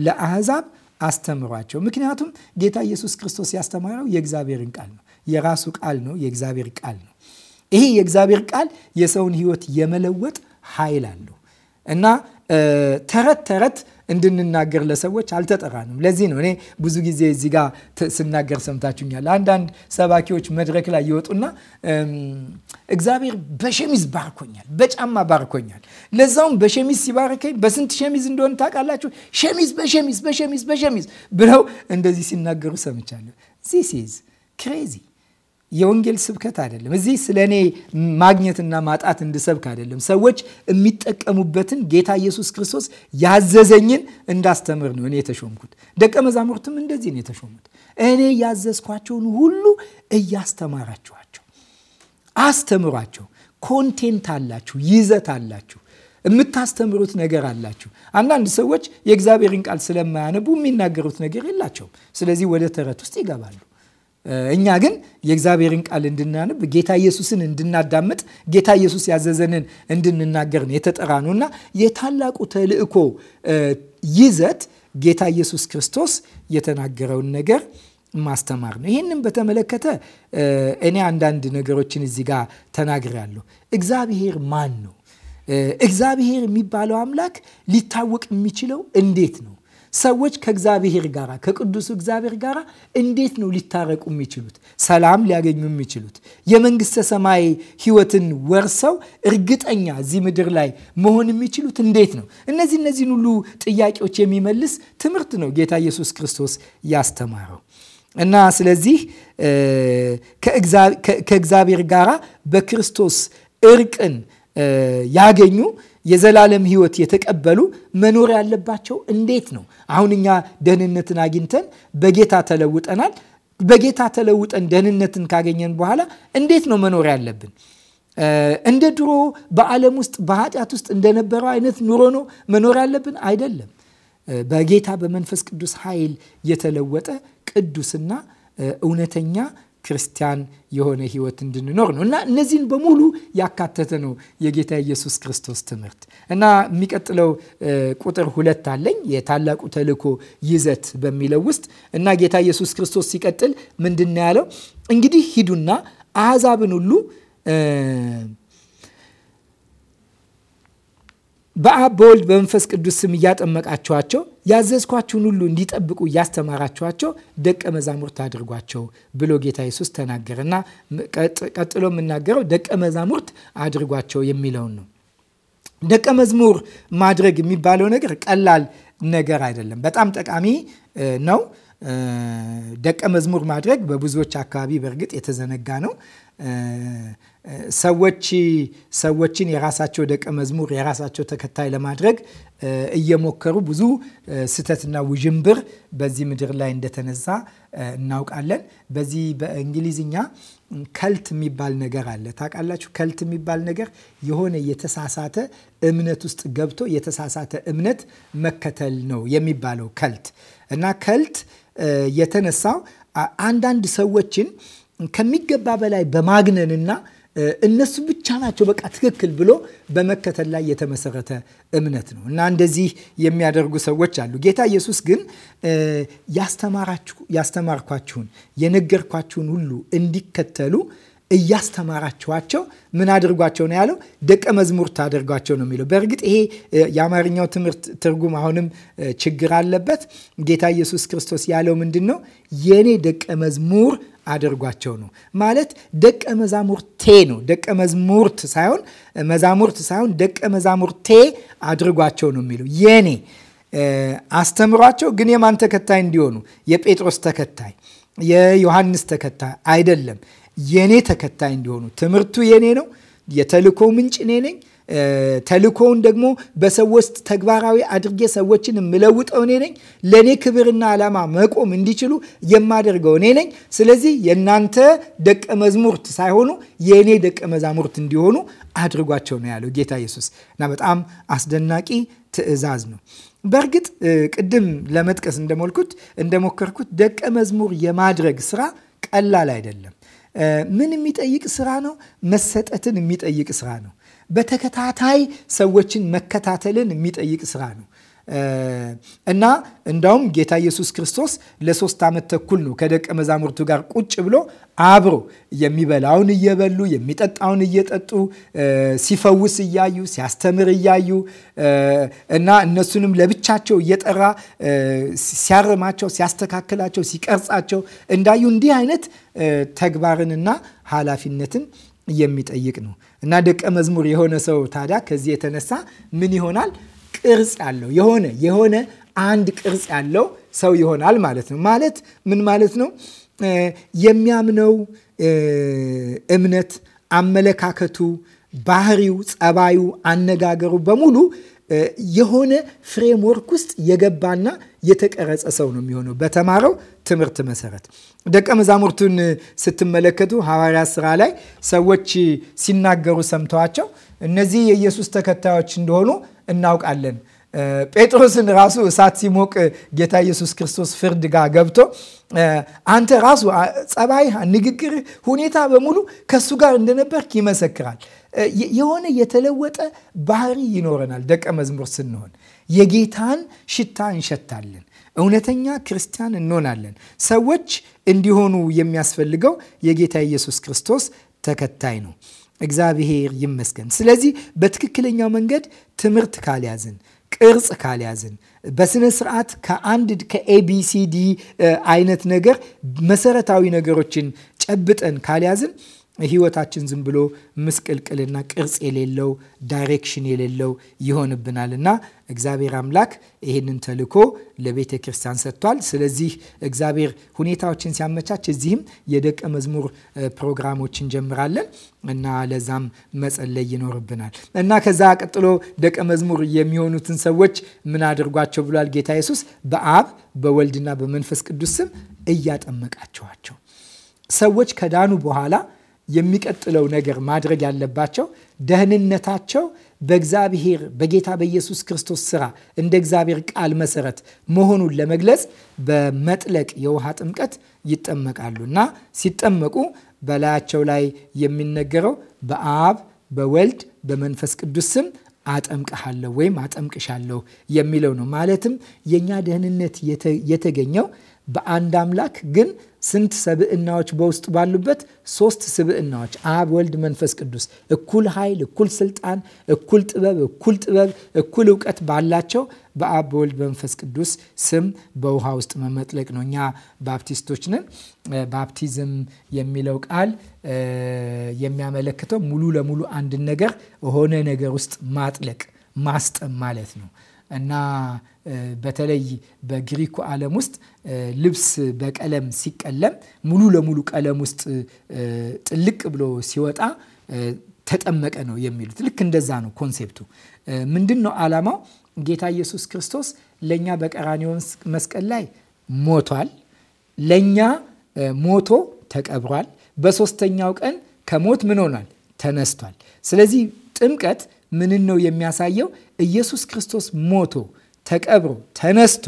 Speaker 1: ለአህዛብ አስተምሯቸው። ምክንያቱም ጌታ ኢየሱስ ክርስቶስ ያስተማረው የእግዚአብሔርን ቃል ነው። የራሱ ቃል ነው። የእግዚአብሔር ቃል ነው። ይሄ የእግዚአብሔር ቃል የሰውን ሕይወት የመለወጥ ኃይል አለው እና ተረት ተረት እንድንናገር ለሰዎች አልተጠራንም። ለዚህ ነው እኔ ብዙ ጊዜ እዚህ ጋር ስናገር ሰምታችሁኛል። አንዳንድ ሰባኪዎች መድረክ ላይ ይወጡና እግዚአብሔር በሸሚዝ ባርኮኛል፣ በጫማ ባርኮኛል። ለዛውም በሸሚዝ ሲባርከኝ በስንት ሸሚዝ እንደሆነ ታውቃላችሁ? ሸሚዝ በሸሚዝ በሸሚዝ በሸሚዝ ብለው እንደዚህ ሲናገሩ ሰምቻለሁ። ዚስ ኢዝ ክሬዚ የወንጌል ስብከት አይደለም። እዚህ ስለ እኔ ማግኘትና ማጣት እንድሰብክ አይደለም። ሰዎች የሚጠቀሙበትን ጌታ ኢየሱስ ክርስቶስ ያዘዘኝን እንዳስተምር ነው እኔ የተሾምኩት። ደቀ መዛሙርትም እንደዚህ ነው የተሾሙት። እኔ ያዘዝኳቸውን ሁሉ እያስተማራችኋቸው አስተምሯቸው። ኮንቴንት አላችሁ፣ ይዘት አላችሁ፣ የምታስተምሩት ነገር አላችሁ። አንዳንድ ሰዎች የእግዚአብሔርን ቃል ስለማያነቡ የሚናገሩት ነገር የላቸውም። ስለዚህ ወደ ተረት ውስጥ ይገባሉ። እኛ ግን የእግዚአብሔርን ቃል እንድናነብ ጌታ ኢየሱስን እንድናዳምጥ ጌታ ኢየሱስ ያዘዘንን እንድንናገር ነው የተጠራ ነው እና የታላቁ ተልእኮ ይዘት ጌታ ኢየሱስ ክርስቶስ የተናገረውን ነገር ማስተማር ነው። ይህንም በተመለከተ እኔ አንዳንድ ነገሮችን እዚህ ጋር ተናግሬያለሁ። እግዚአብሔር ማን ነው? እግዚአብሔር የሚባለው አምላክ ሊታወቅ የሚችለው እንዴት ነው? ሰዎች ከእግዚአብሔር ጋር ከቅዱሱ እግዚአብሔር ጋር እንዴት ነው ሊታረቁ የሚችሉት? ሰላም ሊያገኙ የሚችሉት? የመንግስተ ሰማይ ህይወትን ወርሰው እርግጠኛ እዚህ ምድር ላይ መሆን የሚችሉት እንዴት ነው? እነዚህ እነዚህን ሁሉ ጥያቄዎች የሚመልስ ትምህርት ነው ጌታ ኢየሱስ ክርስቶስ ያስተማረው እና ስለዚህ ከእግዚአብሔር ጋራ በክርስቶስ እርቅን ያገኙ የዘላለም ህይወት የተቀበሉ መኖር ያለባቸው እንዴት ነው? አሁን እኛ ደህንነትን አግኝተን በጌታ ተለውጠናል። በጌታ ተለውጠን ደህንነትን ካገኘን በኋላ እንዴት ነው መኖር ያለብን? እንደ ድሮ በዓለም ውስጥ በኃጢአት ውስጥ እንደነበረው አይነት ኑሮ ነው መኖር ያለብን? አይደለም። በጌታ በመንፈስ ቅዱስ ኃይል የተለወጠ ቅዱስና እውነተኛ ክርስቲያን የሆነ ህይወት እንድንኖር ነው እና እነዚህን በሙሉ ያካተተ ነው የጌታ ኢየሱስ ክርስቶስ ትምህርት እና የሚቀጥለው ቁጥር ሁለት አለኝ የታላቁ ተልእኮ ይዘት በሚለው ውስጥ እና ጌታ ኢየሱስ ክርስቶስ ሲቀጥል ምንድን ያለው እንግዲህ ሂዱና አሕዛብን ሁሉ በአብ በወልድ በመንፈስ ቅዱስ ስም እያጠመቃችኋቸው ያዘዝኳችሁን ሁሉ እንዲጠብቁ እያስተማራችኋቸው ደቀ መዛሙርት አድርጓቸው ብሎ ጌታ ኢየሱስ ተናገረና ቀጥሎ የምናገረው ደቀ መዛሙርት አድርጓቸው የሚለውን ነው። ደቀ መዝሙር ማድረግ የሚባለው ነገር ቀላል ነገር አይደለም። በጣም ጠቃሚ ነው። ደቀ መዝሙር ማድረግ በብዙዎች አካባቢ በእርግጥ የተዘነጋ ነው። ሰዎች ሰዎችን የራሳቸው ደቀ መዝሙር የራሳቸው ተከታይ ለማድረግ እየሞከሩ ብዙ ስህተትና ውዥንብር በዚህ ምድር ላይ እንደተነሳ እናውቃለን። በዚህ በእንግሊዝኛ ከልት የሚባል ነገር አለ። ታውቃላችሁ? ከልት የሚባል ነገር የሆነ የተሳሳተ እምነት ውስጥ ገብቶ የተሳሳተ እምነት መከተል ነው የሚባለው ከልት እና ከልት የተነሳ አንዳንድ ሰዎችን ከሚገባ በላይ በማግነንና እነሱ ብቻ ናቸው በቃ ትክክል ብሎ በመከተል ላይ የተመሰረተ እምነት ነው እና እንደዚህ የሚያደርጉ ሰዎች አሉ። ጌታ ኢየሱስ ግን ያስተማርኳችሁን የነገርኳችሁን ሁሉ እንዲከተሉ እያስተማራችኋቸው ምን አድርጓቸው ነው ያለው? ደቀ መዝሙር ታደርጓቸው ነው የሚለው። በእርግጥ ይሄ የአማርኛው ትምህርት ትርጉም አሁንም ችግር አለበት። ጌታ ኢየሱስ ክርስቶስ ያለው ምንድን ነው? የኔ ደቀ መዝሙር አድርጓቸው ነው ማለት ደቀ መዛሙርቴ ነው። ደቀ መዝሙርት ሳይሆን መዛሙርት ሳይሆን ደቀ መዛሙርቴ አድርጓቸው ነው የሚለው የኔ አስተምሯቸው ግን የማን ተከታይ እንዲሆኑ የጴጥሮስ ተከታይ የዮሐንስ ተከታይ አይደለም የኔ ተከታይ እንዲሆኑ ትምህርቱ የኔ ነው። የተልእኮ ምንጭ እኔ ነኝ። ተልእኮውን ደግሞ በሰዎች ውስጥ ተግባራዊ አድርጌ ሰዎችን የምለውጠው እኔ ነኝ። ለእኔ ክብርና ዓላማ መቆም እንዲችሉ የማደርገው እኔ ነኝ። ስለዚህ የእናንተ ደቀ መዝሙርት ሳይሆኑ የእኔ ደቀ መዛሙርት እንዲሆኑ አድርጓቸው ነው ያለው ጌታ ኢየሱስ እና በጣም አስደናቂ ትእዛዝ ነው። በእርግጥ ቅድም ለመጥቀስ እንደሞልኩት እንደሞከርኩት ደቀ መዝሙር የማድረግ ስራ ቀላል አይደለም። ምን የሚጠይቅ ስራ ነው? መሰጠትን የሚጠይቅ ስራ ነው። በተከታታይ ሰዎችን መከታተልን የሚጠይቅ ስራ ነው። እና እንዳውም ጌታ ኢየሱስ ክርስቶስ ለሶስት ዓመት ተኩል ነው ከደቀ መዛሙርቱ ጋር ቁጭ ብሎ አብሮ የሚበላውን እየበሉ የሚጠጣውን እየጠጡ ሲፈውስ እያዩ ሲያስተምር እያዩ እና እነሱንም ለብቻቸው እየጠራ ሲያርማቸው፣ ሲያስተካክላቸው፣ ሲቀርጻቸው እንዳዩ እንዲህ አይነት ተግባርንና ኃላፊነትን የሚጠይቅ ነው እና ደቀ መዝሙር የሆነ ሰው ታዲያ ከዚህ የተነሳ ምን ይሆናል? ቅርጽ ያለው የሆነ የሆነ አንድ ቅርጽ ያለው ሰው ይሆናል ማለት ነው። ማለት ምን ማለት ነው? የሚያምነው እምነት፣ አመለካከቱ፣ ባህሪው፣ ጸባዩ፣ አነጋገሩ በሙሉ የሆነ ፍሬምወርክ ውስጥ የገባና የተቀረጸ ሰው ነው የሚሆነው በተማረው ትምህርት መሰረት። ደቀ መዛሙርቱን ስትመለከቱ ሐዋርያ ስራ ላይ ሰዎች ሲናገሩ ሰምተዋቸው እነዚህ የኢየሱስ ተከታዮች እንደሆኑ እናውቃለን። ጴጥሮስን ራሱ እሳት ሲሞቅ ጌታ ኢየሱስ ክርስቶስ ፍርድ ጋር ገብቶ አንተ ራሱ ጸባይህ፣ ንግግርህ፣ ሁኔታ በሙሉ ከእሱ ጋር እንደነበርክ ይመሰክራል። የሆነ የተለወጠ ባህሪ ይኖረናል። ደቀ መዝሙር ስንሆን የጌታን ሽታ እንሸታለን። እውነተኛ ክርስቲያን እንሆናለን። ሰዎች እንዲሆኑ የሚያስፈልገው የጌታ ኢየሱስ ክርስቶስ ተከታይ ነው። እግዚአብሔር ይመስገን። ስለዚህ በትክክለኛው መንገድ ትምህርት ካልያዝን ቅርጽ ካልያዝን በስነ ስርዓት ከአንድ ከኤቢሲዲ አይነት ነገር መሰረታዊ ነገሮችን ጨብጠን ካልያዝን ህይወታችን ዝም ብሎ ምስቅልቅልና ቅርጽ የሌለው ዳይሬክሽን የሌለው ይሆንብናል እና እግዚአብሔር አምላክ ይህንን ተልኮ ለቤተ ክርስቲያን ሰጥቷል። ስለዚህ እግዚአብሔር ሁኔታዎችን ሲያመቻች እዚህም የደቀ መዝሙር ፕሮግራሞች እንጀምራለን እና ለዛም መጸለይ ይኖርብናል እና ከዛ ቀጥሎ ደቀ መዝሙር የሚሆኑትን ሰዎች ምን አድርጓቸው ብሏል ጌታ ኢየሱስ? በአብ በወልድና በመንፈስ ቅዱስ ስም እያጠመቃቸዋቸው ሰዎች ከዳኑ በኋላ የሚቀጥለው ነገር ማድረግ ያለባቸው ደህንነታቸው በእግዚአብሔር በጌታ በኢየሱስ ክርስቶስ ስራ እንደ እግዚአብሔር ቃል መሰረት መሆኑን ለመግለጽ በመጥለቅ የውሃ ጥምቀት ይጠመቃሉ እና ሲጠመቁ በላያቸው ላይ የሚነገረው በአብ በወልድ በመንፈስ ቅዱስ ስም አጠምቅሃለሁ ወይም አጠምቅሻለሁ የሚለው ነው። ማለትም የእኛ ደህንነት የተገኘው በአንድ አምላክ ግን ስንት ስብዕናዎች በውስጡ ባሉበት ሶስት ስብዕናዎች አብ፣ ወልድ፣ መንፈስ ቅዱስ እኩል ኃይል፣ እኩል ስልጣን፣ እኩል ጥበብ እኩል ጥበብ እኩል እውቀት ባላቸው በአብ በወልድ መንፈስ ቅዱስ ስም በውሃ ውስጥ መመጥለቅ ነው። እኛ ባፕቲስቶች ነን። ባፕቲዝም የሚለው ቃል የሚያመለክተው ሙሉ ለሙሉ አንድን ነገር ሆነ ነገር ውስጥ ማጥለቅ ማስጠም ማለት ነው። እና በተለይ በግሪኩ ዓለም ውስጥ ልብስ በቀለም ሲቀለም ሙሉ ለሙሉ ቀለም ውስጥ ጥልቅ ብሎ ሲወጣ ተጠመቀ ነው የሚሉት። ልክ እንደዛ ነው ኮንሴፕቱ። ምንድን ነው ዓላማው? ጌታ ኢየሱስ ክርስቶስ ለእኛ በቀራንዮ መስቀል ላይ ሞቷል። ለእኛ ሞቶ ተቀብሯል። በሶስተኛው ቀን ከሞት ምን ሆኗል? ተነስቷል። ስለዚህ ጥምቀት ምንን ነው የሚያሳየው? ኢየሱስ ክርስቶስ ሞቶ ተቀብሮ ተነስቶ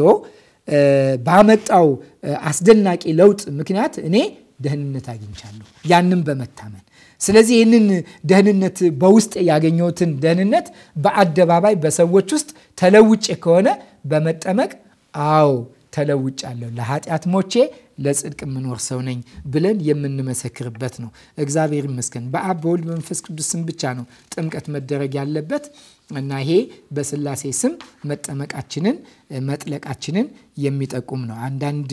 Speaker 1: ባመጣው አስደናቂ ለውጥ ምክንያት እኔ ደህንነት አግኝቻለሁ፣ ያንም በመታመን ስለዚህ ይህንን ደህንነት በውስጥ ያገኘሁትን ደህንነት በአደባባይ በሰዎች ውስጥ ተለውጬ ከሆነ በመጠመቅ አዎ ተለውጫለሁ፣ ለኃጢአት ሞቼ ለጽድቅ የምኖር ሰው ነኝ ብለን የምንመሰክርበት ነው። እግዚአብሔር ይመስገን። በአብ በወልድ በመንፈስ ቅዱስ ስም ብቻ ነው ጥምቀት መደረግ ያለበት። እና ይሄ በስላሴ ስም መጠመቃችንን መጥለቃችንን የሚጠቁም ነው። አንዳንድ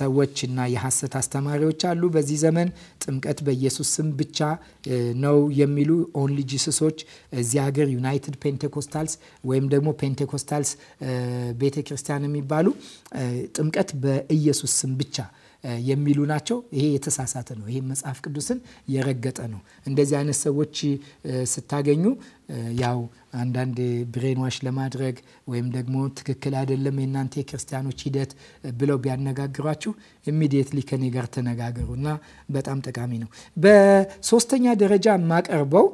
Speaker 1: ሰዎች እና የሐሰት አስተማሪዎች አሉ። በዚህ ዘመን ጥምቀት በኢየሱስ ስም ብቻ ነው የሚሉ ኦንሊ ጂስሶች እዚህ ሀገር ዩናይትድ ፔንቴኮስታልስ ወይም ደግሞ ፔንቴኮስታልስ ቤተ ክርስቲያን የሚባሉ ጥምቀት በኢየሱስ ስም ብቻ የሚሉ ናቸው። ይሄ የተሳሳተ ነው። ይሄ መጽሐፍ ቅዱስን የረገጠ ነው። እንደዚህ አይነት ሰዎች ስታገኙ ያው አንዳንድ ብሬንዋሽ ለማድረግ ወይም ደግሞ ትክክል አይደለም የእናንተ የክርስቲያኖች ሂደት ብለው ቢያነጋግሯችሁ ኢሚዲየትሊ ከኔ ጋር ተነጋገሩ እና በጣም ጠቃሚ ነው። በሶስተኛ ደረጃ የማቀርበው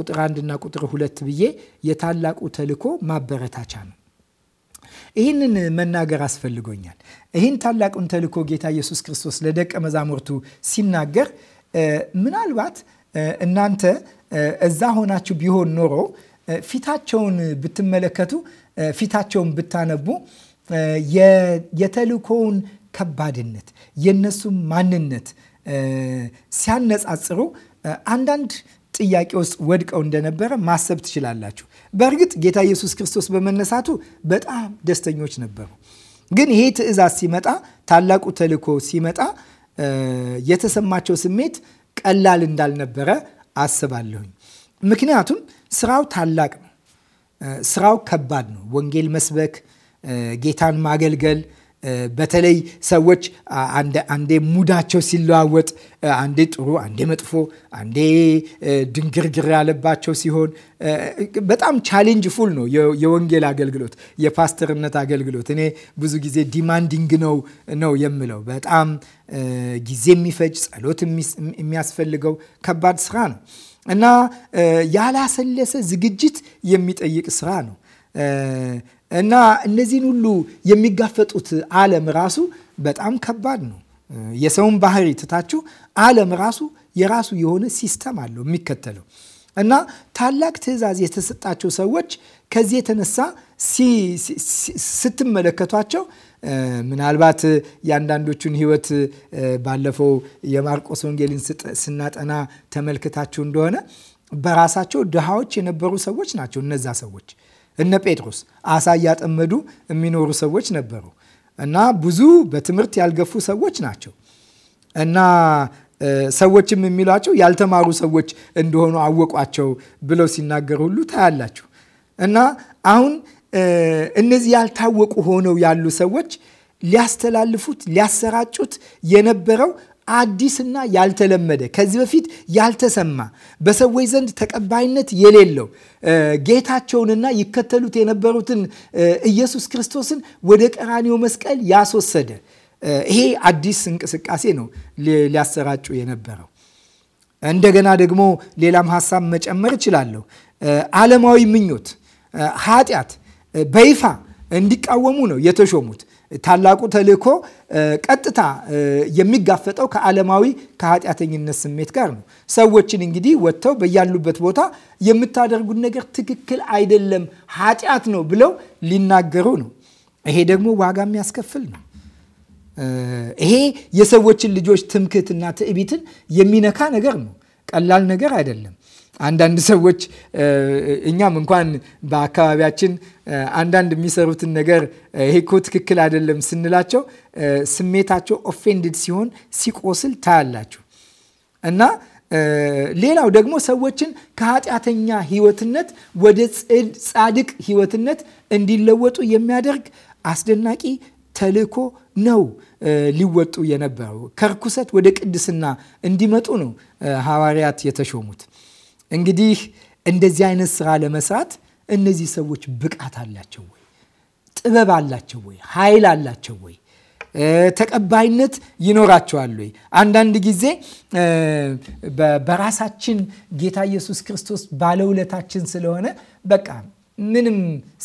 Speaker 1: ቁጥር አንድ እና ቁጥር ሁለት ብዬ የታላቁ ተልዕኮ ማበረታቻ ነው። ይህንን መናገር አስፈልጎኛል። ይህን ታላቁን ተልእኮ ጌታ ኢየሱስ ክርስቶስ ለደቀ መዛሙርቱ ሲናገር ምናልባት እናንተ እዛ ሆናችሁ ቢሆን ኖሮ ፊታቸውን ብትመለከቱ፣ ፊታቸውን ብታነቡ የተልእኮውን ከባድነት የነሱ ማንነት ሲያነጻጽሩ አንዳንድ ጥያቄ ውስጥ ወድቀው እንደነበረ ማሰብ ትችላላችሁ። በእርግጥ ጌታ ኢየሱስ ክርስቶስ በመነሳቱ በጣም ደስተኞች ነበሩ። ግን ይሄ ትእዛዝ ሲመጣ፣ ታላቁ ተልእኮ ሲመጣ የተሰማቸው ስሜት ቀላል እንዳልነበረ አስባለሁኝ። ምክንያቱም ስራው ታላቅ ነው። ስራው ከባድ ነው። ወንጌል መስበክ፣ ጌታን ማገልገል በተለይ ሰዎች አንዴ ሙዳቸው ሲለዋወጥ አንዴ ጥሩ፣ አንዴ መጥፎ፣ አንዴ ድንግርግር ያለባቸው ሲሆን በጣም ቻሌንጅ ፉል ነው የወንጌል አገልግሎት፣ የፓስተርነት አገልግሎት። እኔ ብዙ ጊዜ ዲማንዲንግ ነው ነው የምለው። በጣም ጊዜ የሚፈጅ ጸሎት የሚያስፈልገው ከባድ ስራ ነው እና ያላሰለሰ ዝግጅት የሚጠይቅ ስራ ነው። እና እነዚህን ሁሉ የሚጋፈጡት ዓለም ራሱ በጣም ከባድ ነው። የሰውን ባህሪ ትታችሁ ዓለም ራሱ የራሱ የሆነ ሲስተም አለው የሚከተለው እና ታላቅ ትዕዛዝ የተሰጣቸው ሰዎች ከዚህ የተነሳ ስትመለከቷቸው ምናልባት የአንዳንዶቹን ሕይወት ባለፈው የማርቆስ ወንጌልን ስናጠና ተመልክታችሁ እንደሆነ በራሳቸው ድሃዎች የነበሩ ሰዎች ናቸው እነዛ ሰዎች እነ ጴጥሮስ አሳ እያጠመዱ የሚኖሩ ሰዎች ነበሩ እና ብዙ በትምህርት ያልገፉ ሰዎች ናቸው እና ሰዎችም የሚሏቸው ያልተማሩ ሰዎች እንደሆኑ አወቋቸው ብለው ሲናገር ሁሉ ታያላችሁ። እና አሁን እነዚህ ያልታወቁ ሆነው ያሉ ሰዎች ሊያስተላልፉት ሊያሰራጩት የነበረው አዲስና ያልተለመደ ከዚህ በፊት ያልተሰማ በሰዎች ዘንድ ተቀባይነት የሌለው ጌታቸውንና ይከተሉት የነበሩትን ኢየሱስ ክርስቶስን ወደ ቀራኒው መስቀል ያስወሰደ ይሄ አዲስ እንቅስቃሴ ነው ሊያሰራጩ የነበረው። እንደገና ደግሞ ሌላም ሀሳብ መጨመር እችላለሁ። ዓለማዊ ምኞት፣ ኃጢአት በይፋ እንዲቃወሙ ነው የተሾሙት። ታላቁ ተልእኮ ቀጥታ የሚጋፈጠው ከዓለማዊ ከኃጢአተኝነት ስሜት ጋር ነው። ሰዎችን እንግዲህ ወጥተው በያሉበት ቦታ የምታደርጉት ነገር ትክክል አይደለም፣ ኃጢአት ነው ብለው ሊናገሩ ነው። ይሄ ደግሞ ዋጋ የሚያስከፍል ነው። ይሄ የሰዎችን ልጆች ትምክህትና ትዕቢትን የሚነካ ነገር ነው። ቀላል ነገር አይደለም። አንዳንድ ሰዎች እኛም እንኳን በአካባቢያችን አንዳንድ የሚሰሩትን ነገር ይሄ እኮ ትክክል አይደለም ስንላቸው ስሜታቸው ኦፌንድድ ሲሆን ሲቆስል ታያላችሁ እና ሌላው ደግሞ ሰዎችን ከኃጢአተኛ ህይወትነት ወደ ጻድቅ ህይወትነት እንዲለወጡ የሚያደርግ አስደናቂ ተልእኮ ነው ሊወጡ የነበረው። ከርኩሰት ወደ ቅድስና እንዲመጡ ነው ሐዋርያት የተሾሙት። እንግዲህ እንደዚህ አይነት ስራ ለመስራት እነዚህ ሰዎች ብቃት አላቸው ወይ? ጥበብ አላቸው ወይ? ኃይል አላቸው ወይ? ተቀባይነት ይኖራቸዋል ወይ? አንዳንድ ጊዜ በራሳችን ጌታ ኢየሱስ ክርስቶስ ባለውለታችን ስለሆነ በቃ ምንም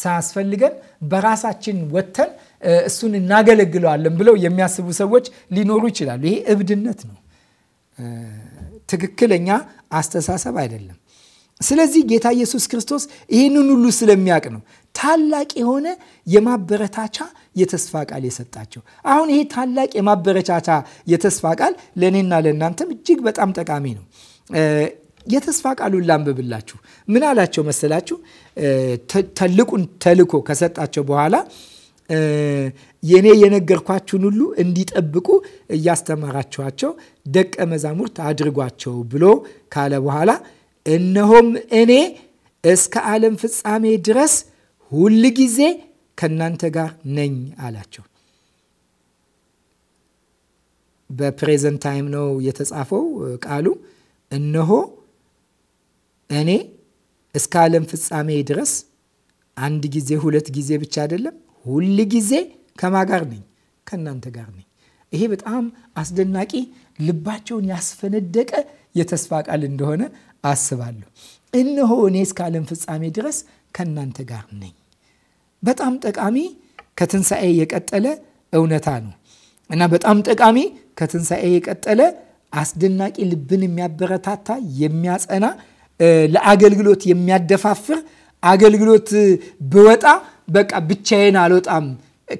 Speaker 1: ሳያስፈልገን በራሳችን ወጥተን እሱን እናገለግለዋለን ብለው የሚያስቡ ሰዎች ሊኖሩ ይችላሉ። ይሄ እብድነት ነው። ትክክለኛ አስተሳሰብ አይደለም። ስለዚህ ጌታ ኢየሱስ ክርስቶስ ይህንን ሁሉ ስለሚያውቅ ነው ታላቅ የሆነ የማበረታቻ የተስፋ ቃል የሰጣቸው። አሁን ይሄ ታላቅ የማበረታቻ የተስፋ ቃል ለእኔና ለእናንተም እጅግ በጣም ጠቃሚ ነው። የተስፋ ቃሉን ላንብብላችሁ። ምን አላቸው መሰላችሁ? ትልቁን ተልኮ ከሰጣቸው በኋላ የኔ የነገርኳችሁን ሁሉ እንዲጠብቁ እያስተማራችኋቸው ደቀ መዛሙርት አድርጓቸው ብሎ ካለ በኋላ እነሆም እኔ እስከ ዓለም ፍጻሜ ድረስ ሁል ጊዜ ከእናንተ ጋር ነኝ አላቸው። በፕሬዘንት ታይም ነው የተጻፈው ቃሉ። እነሆ እኔ እስከ ዓለም ፍጻሜ ድረስ አንድ ጊዜ ሁለት ጊዜ ብቻ አይደለም ሁል ጊዜ ከማ ጋር ነኝ ከእናንተ ጋር ነኝ። ይሄ በጣም አስደናቂ ልባቸውን ያስፈነደቀ የተስፋ ቃል እንደሆነ አስባለሁ። እነሆ እኔ እስከ ዓለም ፍጻሜ ድረስ ከእናንተ ጋር ነኝ። በጣም ጠቃሚ ከትንሣኤ የቀጠለ እውነታ ነው እና በጣም ጠቃሚ ከትንሣኤ የቀጠለ አስደናቂ ልብን የሚያበረታታ የሚያጸና፣ ለአገልግሎት የሚያደፋፍር አገልግሎት ብወጣ በቃ ብቻዬን አልወጣም፣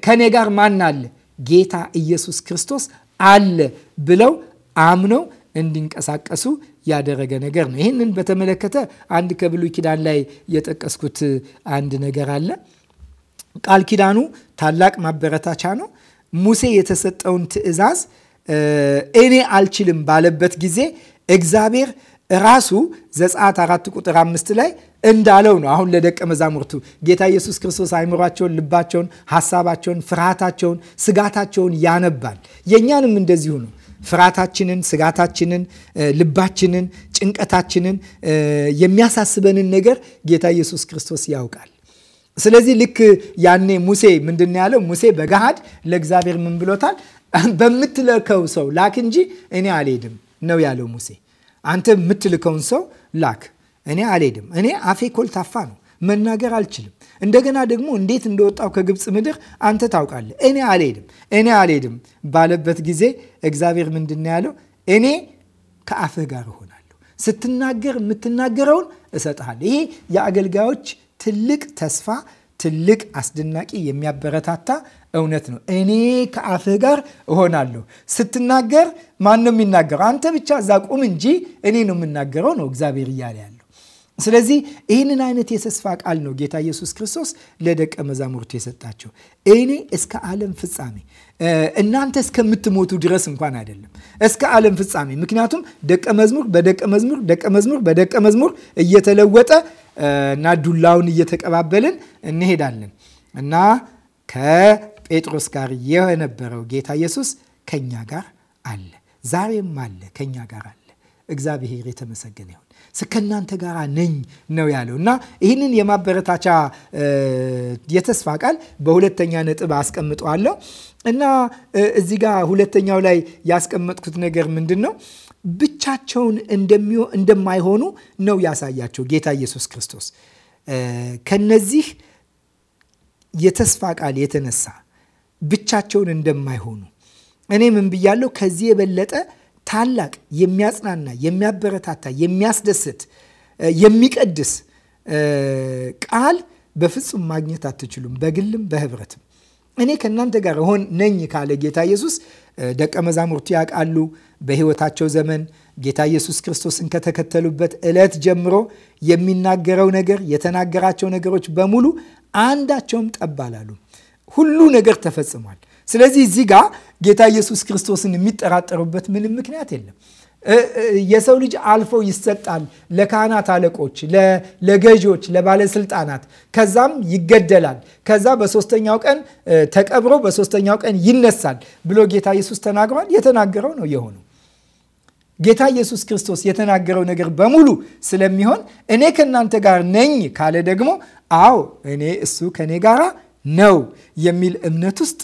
Speaker 1: ከኔ ጋር ማን አለ? ጌታ ኢየሱስ ክርስቶስ አለ ብለው አምነው እንዲንቀሳቀሱ ያደረገ ነገር ነው። ይህንን በተመለከተ አንድ ከብሉይ ኪዳን ላይ የጠቀስኩት አንድ ነገር አለ። ቃል ኪዳኑ ታላቅ ማበረታቻ ነው። ሙሴ የተሰጠውን ትዕዛዝ እኔ አልችልም ባለበት ጊዜ እግዚአብሔር ራሱ ዘጸአት አራት ቁጥር አምስት ላይ እንዳለው ነው። አሁን ለደቀ መዛሙርቱ ጌታ ኢየሱስ ክርስቶስ አይምሯቸውን፣ ልባቸውን፣ ሀሳባቸውን፣ ፍርሃታቸውን፣ ስጋታቸውን ያነባል። የእኛንም እንደዚሁ ነው። ፍርሃታችንን፣ ስጋታችንን፣ ልባችንን፣ ጭንቀታችንን፣ የሚያሳስበንን ነገር ጌታ ኢየሱስ ክርስቶስ ያውቃል። ስለዚህ ልክ ያኔ ሙሴ ምንድን ያለው ሙሴ በገሃድ ለእግዚአብሔር ምን ብሎታል? በምትለከው ሰው ላክ እንጂ እኔ አልሄድም ነው ያለው ሙሴ አንተ የምትልከውን ሰው ላክ። እኔ አልሄድም። እኔ አፌ ኮልታፋ ነው፣ መናገር አልችልም። እንደገና ደግሞ እንዴት እንደወጣው ከግብፅ ምድር አንተ ታውቃለህ። እኔ አልሄድም፣ እኔ አልሄድም ባለበት ጊዜ እግዚአብሔር ምንድን ያለው? እኔ ከአፍህ ጋር እሆናለሁ፣ ስትናገር የምትናገረውን እሰጥሃለሁ። ይሄ የአገልጋዮች ትልቅ ተስፋ ትልቅ አስደናቂ የሚያበረታታ እውነት ነው። እኔ ከአፍህ ጋር እሆናለሁ። ስትናገር ማን ነው የሚናገረው? አንተ ብቻ እዛ ቁም እንጂ እኔ ነው የምናገረው ነው እግዚአብሔር እያለ ያለው። ስለዚህ ይህንን አይነት የተስፋ ቃል ነው ጌታ ኢየሱስ ክርስቶስ ለደቀ መዛሙርቱ የሰጣቸው። እኔ እስከ ዓለም ፍጻሜ እናንተ እስከምትሞቱ ድረስ እንኳን አይደለም፣ እስከ ዓለም ፍጻሜ። ምክንያቱም ደቀ መዝሙር በደቀ መዝሙር ደቀ መዝሙር በደቀ መዝሙር እየተለወጠ እና ዱላውን እየተቀባበልን እንሄዳለን እና ጴጥሮስ ጋር የነበረው ጌታ ኢየሱስ ከእኛ ጋር አለ። ዛሬም አለ፣ ከእኛ ጋር አለ። እግዚአብሔር የተመሰገነ ይሁን። ከእናንተ ጋር ነኝ ነው ያለው እና ይህንን የማበረታቻ የተስፋ ቃል በሁለተኛ ነጥብ አስቀምጠዋለሁ እና እዚህ ጋር ሁለተኛው ላይ ያስቀመጥኩት ነገር ምንድን ነው? ብቻቸውን እንደማይሆኑ ነው ያሳያቸው ጌታ ኢየሱስ ክርስቶስ ከነዚህ የተስፋ ቃል የተነሳ ብቻቸውን እንደማይሆኑ እኔ ምን ብያለሁ? ከዚህ የበለጠ ታላቅ የሚያጽናና፣ የሚያበረታታ፣ የሚያስደስት፣ የሚቀድስ ቃል በፍጹም ማግኘት አትችሉም፣ በግልም በህብረትም። እኔ ከእናንተ ጋር እሆን ነኝ ካለ ጌታ ኢየሱስ ደቀ መዛሙርቱ ያውቃሉ። በህይወታቸው ዘመን ጌታ ኢየሱስ ክርስቶስን ከተከተሉበት ዕለት ጀምሮ የሚናገረው ነገር የተናገራቸው ነገሮች በሙሉ አንዳቸውም ጠብ አላሉም። ሁሉ ነገር ተፈጽሟል። ስለዚህ እዚህ ጋር ጌታ ኢየሱስ ክርስቶስን የሚጠራጠሩበት ምንም ምክንያት የለም። የሰው ልጅ አልፎ ይሰጣል ለካህናት አለቆች፣ ለገዢዎች፣ ለባለስልጣናት። ከዛም ይገደላል። ከዛ በሶስተኛው ቀን ተቀብሮ በሶስተኛው ቀን ይነሳል ብሎ ጌታ ኢየሱስ ተናግሯል። የተናገረው ነው የሆነው። ጌታ ኢየሱስ ክርስቶስ የተናገረው ነገር በሙሉ ስለሚሆን እኔ ከእናንተ ጋር ነኝ ካለ ደግሞ አዎ እኔ እሱ ከእኔ ጋራ ነው የሚል እምነት ውስጥ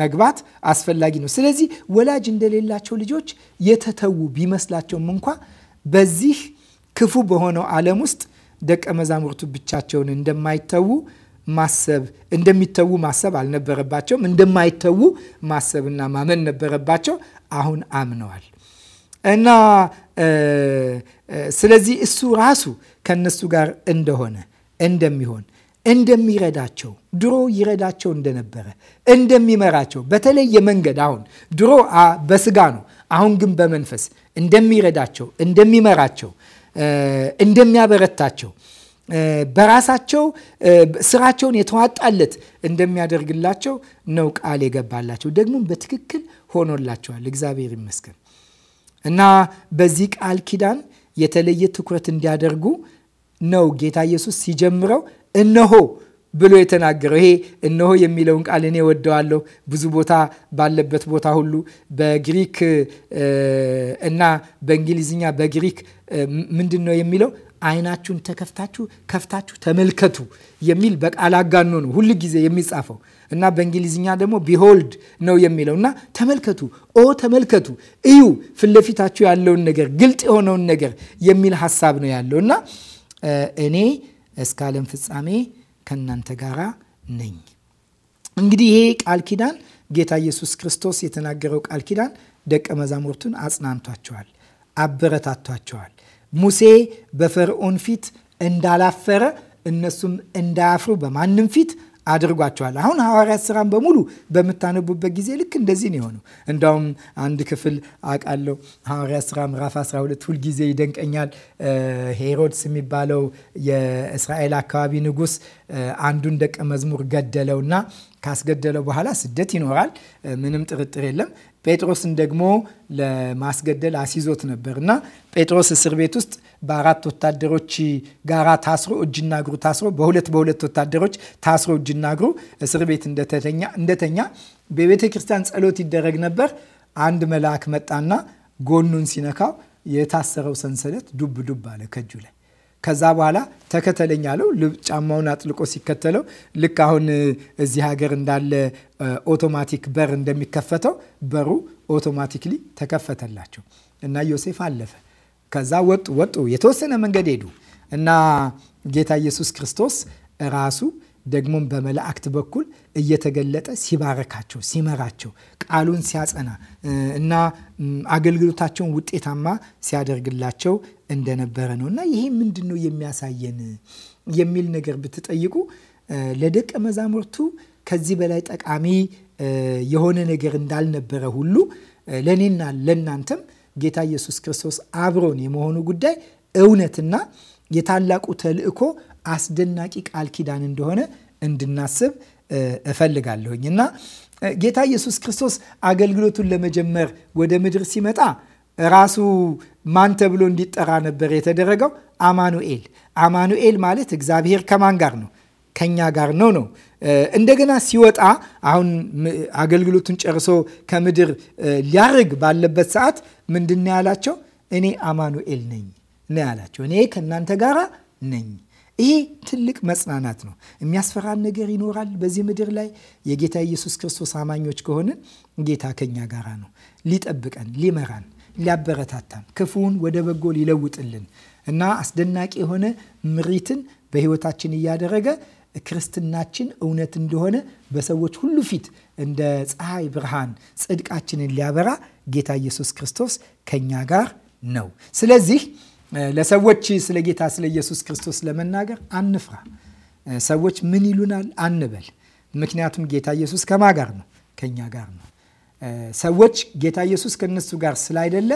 Speaker 1: መግባት አስፈላጊ ነው። ስለዚህ ወላጅ እንደሌላቸው ልጆች የተተዉ ቢመስላቸውም እንኳ በዚህ ክፉ በሆነው ዓለም ውስጥ ደቀ መዛሙርቱ ብቻቸውን እንደማይተዉ ማሰብ እንደሚተዉ ማሰብ አልነበረባቸውም። እንደማይተዉ ማሰብና ማመን ነበረባቸው። አሁን አምነዋል እና ስለዚህ እሱ ራሱ ከነሱ ጋር እንደሆነ እንደሚሆን እንደሚረዳቸው ድሮ ይረዳቸው እንደነበረ እንደሚመራቸው በተለየ መንገድ አሁን ድሮ በስጋ ነው፣ አሁን ግን በመንፈስ እንደሚረዳቸው እንደሚመራቸው እንደሚያበረታቸው በራሳቸው ስራቸውን የተዋጣለት እንደሚያደርግላቸው ነው ቃል የገባላቸው። ደግሞ በትክክል ሆኖላቸዋል። እግዚአብሔር ይመስገን እና በዚህ ቃል ኪዳን የተለየ ትኩረት እንዲያደርጉ ነው ጌታ ኢየሱስ ሲጀምረው እነሆ ብሎ የተናገረው ይሄ እነሆ የሚለውን ቃል እኔ ወደዋለሁ። ብዙ ቦታ ባለበት ቦታ ሁሉ በግሪክ እና በእንግሊዝኛ በግሪክ ምንድን ነው የሚለው አይናችሁን ተከፍታችሁ ከፍታችሁ ተመልከቱ የሚል በቃል አጋኖ ነው ሁል ጊዜ የሚጻፈው እና በእንግሊዝኛ ደግሞ ቢሆልድ ነው የሚለው እና ተመልከቱ፣ ኦ ተመልከቱ፣ እዩ ፊት ለፊታችሁ ያለውን ነገር ግልጥ የሆነውን ነገር የሚል ሀሳብ ነው ያለው እና እኔ እስከ ዓለም ፍጻሜ ከእናንተ ጋር ነኝ። እንግዲህ ይሄ ቃል ኪዳን ጌታ ኢየሱስ ክርስቶስ የተናገረው ቃል ኪዳን ደቀ መዛሙርቱን አጽናንቷቸዋል፣ አበረታቷቸዋል። ሙሴ በፈርዖን ፊት እንዳላፈረ እነሱም እንዳያፍሩ በማንም ፊት አድርጓቸዋል። አሁን ሐዋርያት ስራን በሙሉ በምታነቡበት ጊዜ ልክ እንደዚህ ነው የሆነው። እንዳውም አንድ ክፍል አውቃለሁ ሐዋርያት ስራ ምዕራፍ 12 ሁልጊዜ ይደንቀኛል። ሄሮድስ የሚባለው የእስራኤል አካባቢ ንጉስ አንዱን ደቀ መዝሙር ገደለውና ካስገደለው በኋላ ስደት ይኖራል፣ ምንም ጥርጥር የለም። ጴጥሮስን ደግሞ ለማስገደል አስይዞት ነበር እና ጴጥሮስ እስር ቤት ውስጥ በአራት ወታደሮች ጋራ ታስሮ እጅና እግሩ ታስሮ በሁለት በሁለት ወታደሮች ታስሮ እጅና እግሩ እስር ቤት እንደተኛ በቤተ ክርስቲያን ጸሎት ይደረግ ነበር። አንድ መልአክ መጣና ጎኑን ሲነካው የታሰረው ሰንሰለት ዱብ ዱብ አለ ከእጁ ላይ ከዛ በኋላ ተከተለኝ አለው። ጫማውን አጥልቆ ሲከተለው ልክ አሁን እዚህ ሀገር እንዳለ ኦቶማቲክ በር እንደሚከፈተው በሩ ኦቶማቲክሊ ተከፈተላቸው እና ዮሴፍ አለፈ። ከዛ ወጡ ወጡ የተወሰነ መንገድ ሄዱ እና ጌታ ኢየሱስ ክርስቶስ ራሱ ደግሞም በመላእክት በኩል እየተገለጠ ሲባረካቸው፣ ሲመራቸው፣ ቃሉን ሲያጸና እና አገልግሎታቸውን ውጤታማ ሲያደርግላቸው እንደነበረ ነው እና ይሄ ምንድን ነው የሚያሳየን የሚል ነገር ብትጠይቁ ለደቀ መዛሙርቱ ከዚህ በላይ ጠቃሚ የሆነ ነገር እንዳልነበረ ሁሉ ለእኔና ለእናንተም ጌታ ኢየሱስ ክርስቶስ አብሮን የመሆኑ ጉዳይ እውነትና የታላቁ ተልእኮ አስደናቂ ቃል ኪዳን እንደሆነ እንድናስብ እፈልጋለሁኝ እና ጌታ ኢየሱስ ክርስቶስ አገልግሎቱን ለመጀመር ወደ ምድር ሲመጣ ራሱ ማን ተብሎ እንዲጠራ ነበር የተደረገው? አማኑኤል። አማኑኤል ማለት እግዚአብሔር ከማን ጋር ነው? ከኛ ጋር ነው ነው። እንደገና ሲወጣ አሁን አገልግሎቱን ጨርሶ ከምድር ሊያርግ ባለበት ሰዓት ምንድን ያላቸው? እኔ አማኑኤል ነኝ ነው ያላቸው። እኔ ከእናንተ ጋር ነኝ። ይሄ ትልቅ መጽናናት ነው። የሚያስፈራን ነገር ይኖራል በዚህ ምድር ላይ። የጌታ ኢየሱስ ክርስቶስ አማኞች ከሆንን ጌታ ከኛ ጋር ነው። ሊጠብቀን፣ ሊመራን፣ ሊያበረታታን፣ ክፉውን ወደ በጎ ሊለውጥልን እና አስደናቂ የሆነ ምሪትን በህይወታችን እያደረገ ክርስትናችን እውነት እንደሆነ በሰዎች ሁሉ ፊት እንደ ፀሐይ ብርሃን ጽድቃችንን ሊያበራ ጌታ ኢየሱስ ክርስቶስ ከኛ ጋር ነው። ስለዚህ ለሰዎች ስለ ጌታ ስለ ኢየሱስ ክርስቶስ ለመናገር አንፍራ። ሰዎች ምን ይሉናል አንበል። ምክንያቱም ጌታ ኢየሱስ ከማ ጋር ነው? ከእኛ ጋር ነው። ሰዎች ጌታ ኢየሱስ ከእነሱ ጋር ስላይደለ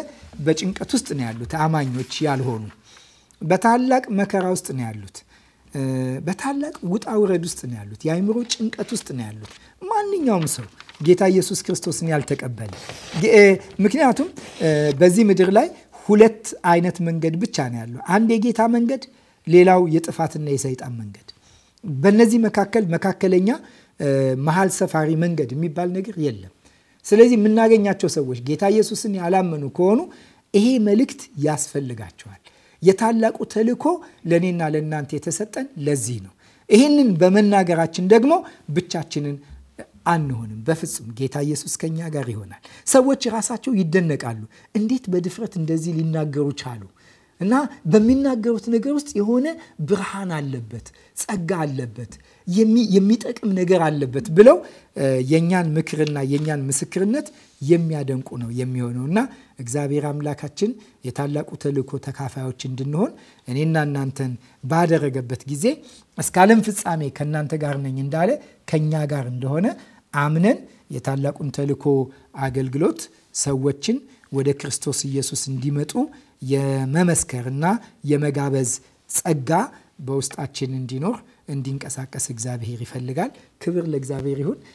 Speaker 1: በጭንቀት ውስጥ ነው ያሉት። አማኞች ያልሆኑ በታላቅ መከራ ውስጥ ነው ያሉት። በታላቅ ውጣ ውረድ ውስጥ ነው ያሉት። የአይምሮ ጭንቀት ውስጥ ነው ያሉት። ማንኛውም ሰው ጌታ ኢየሱስ ክርስቶስን ያልተቀበለ ምክንያቱም በዚህ ምድር ላይ ሁለት አይነት መንገድ ብቻ ነው ያለው። አንድ የጌታ መንገድ፣ ሌላው የጥፋትና የሰይጣን መንገድ። በእነዚህ መካከል መካከለኛ መሀል ሰፋሪ መንገድ የሚባል ነገር የለም። ስለዚህ የምናገኛቸው ሰዎች ጌታ ኢየሱስን ያላመኑ ከሆኑ ይሄ መልእክት ያስፈልጋቸዋል። የታላቁ ተልእኮ ለእኔና ለእናንተ የተሰጠን ለዚህ ነው። ይህንን በመናገራችን ደግሞ ብቻችንን አንሆንም በፍጹም። ጌታ ኢየሱስ ከኛ ጋር ይሆናል። ሰዎች ራሳቸው ይደነቃሉ። እንዴት በድፍረት እንደዚህ ሊናገሩ ቻሉ? እና በሚናገሩት ነገር ውስጥ የሆነ ብርሃን አለበት፣ ጸጋ አለበት፣ የሚጠቅም ነገር አለበት ብለው የእኛን ምክርና የእኛን ምስክርነት የሚያደንቁ ነው የሚሆነው እና እግዚአብሔር አምላካችን የታላቁ ተልእኮ ተካፋዮች እንድንሆን እኔና እናንተን ባደረገበት ጊዜ እስከ ዓለም ፍጻሜ ከእናንተ ጋር ነኝ እንዳለ ከእኛ ጋር እንደሆነ አምነን የታላቁን ተልእኮ አገልግሎት ሰዎችን ወደ ክርስቶስ ኢየሱስ እንዲመጡ የመመስከርና የመጋበዝ ጸጋ በውስጣችን እንዲኖር እንዲንቀሳቀስ እግዚአብሔር ይፈልጋል። ክብር ለእግዚአብሔር ይሁን።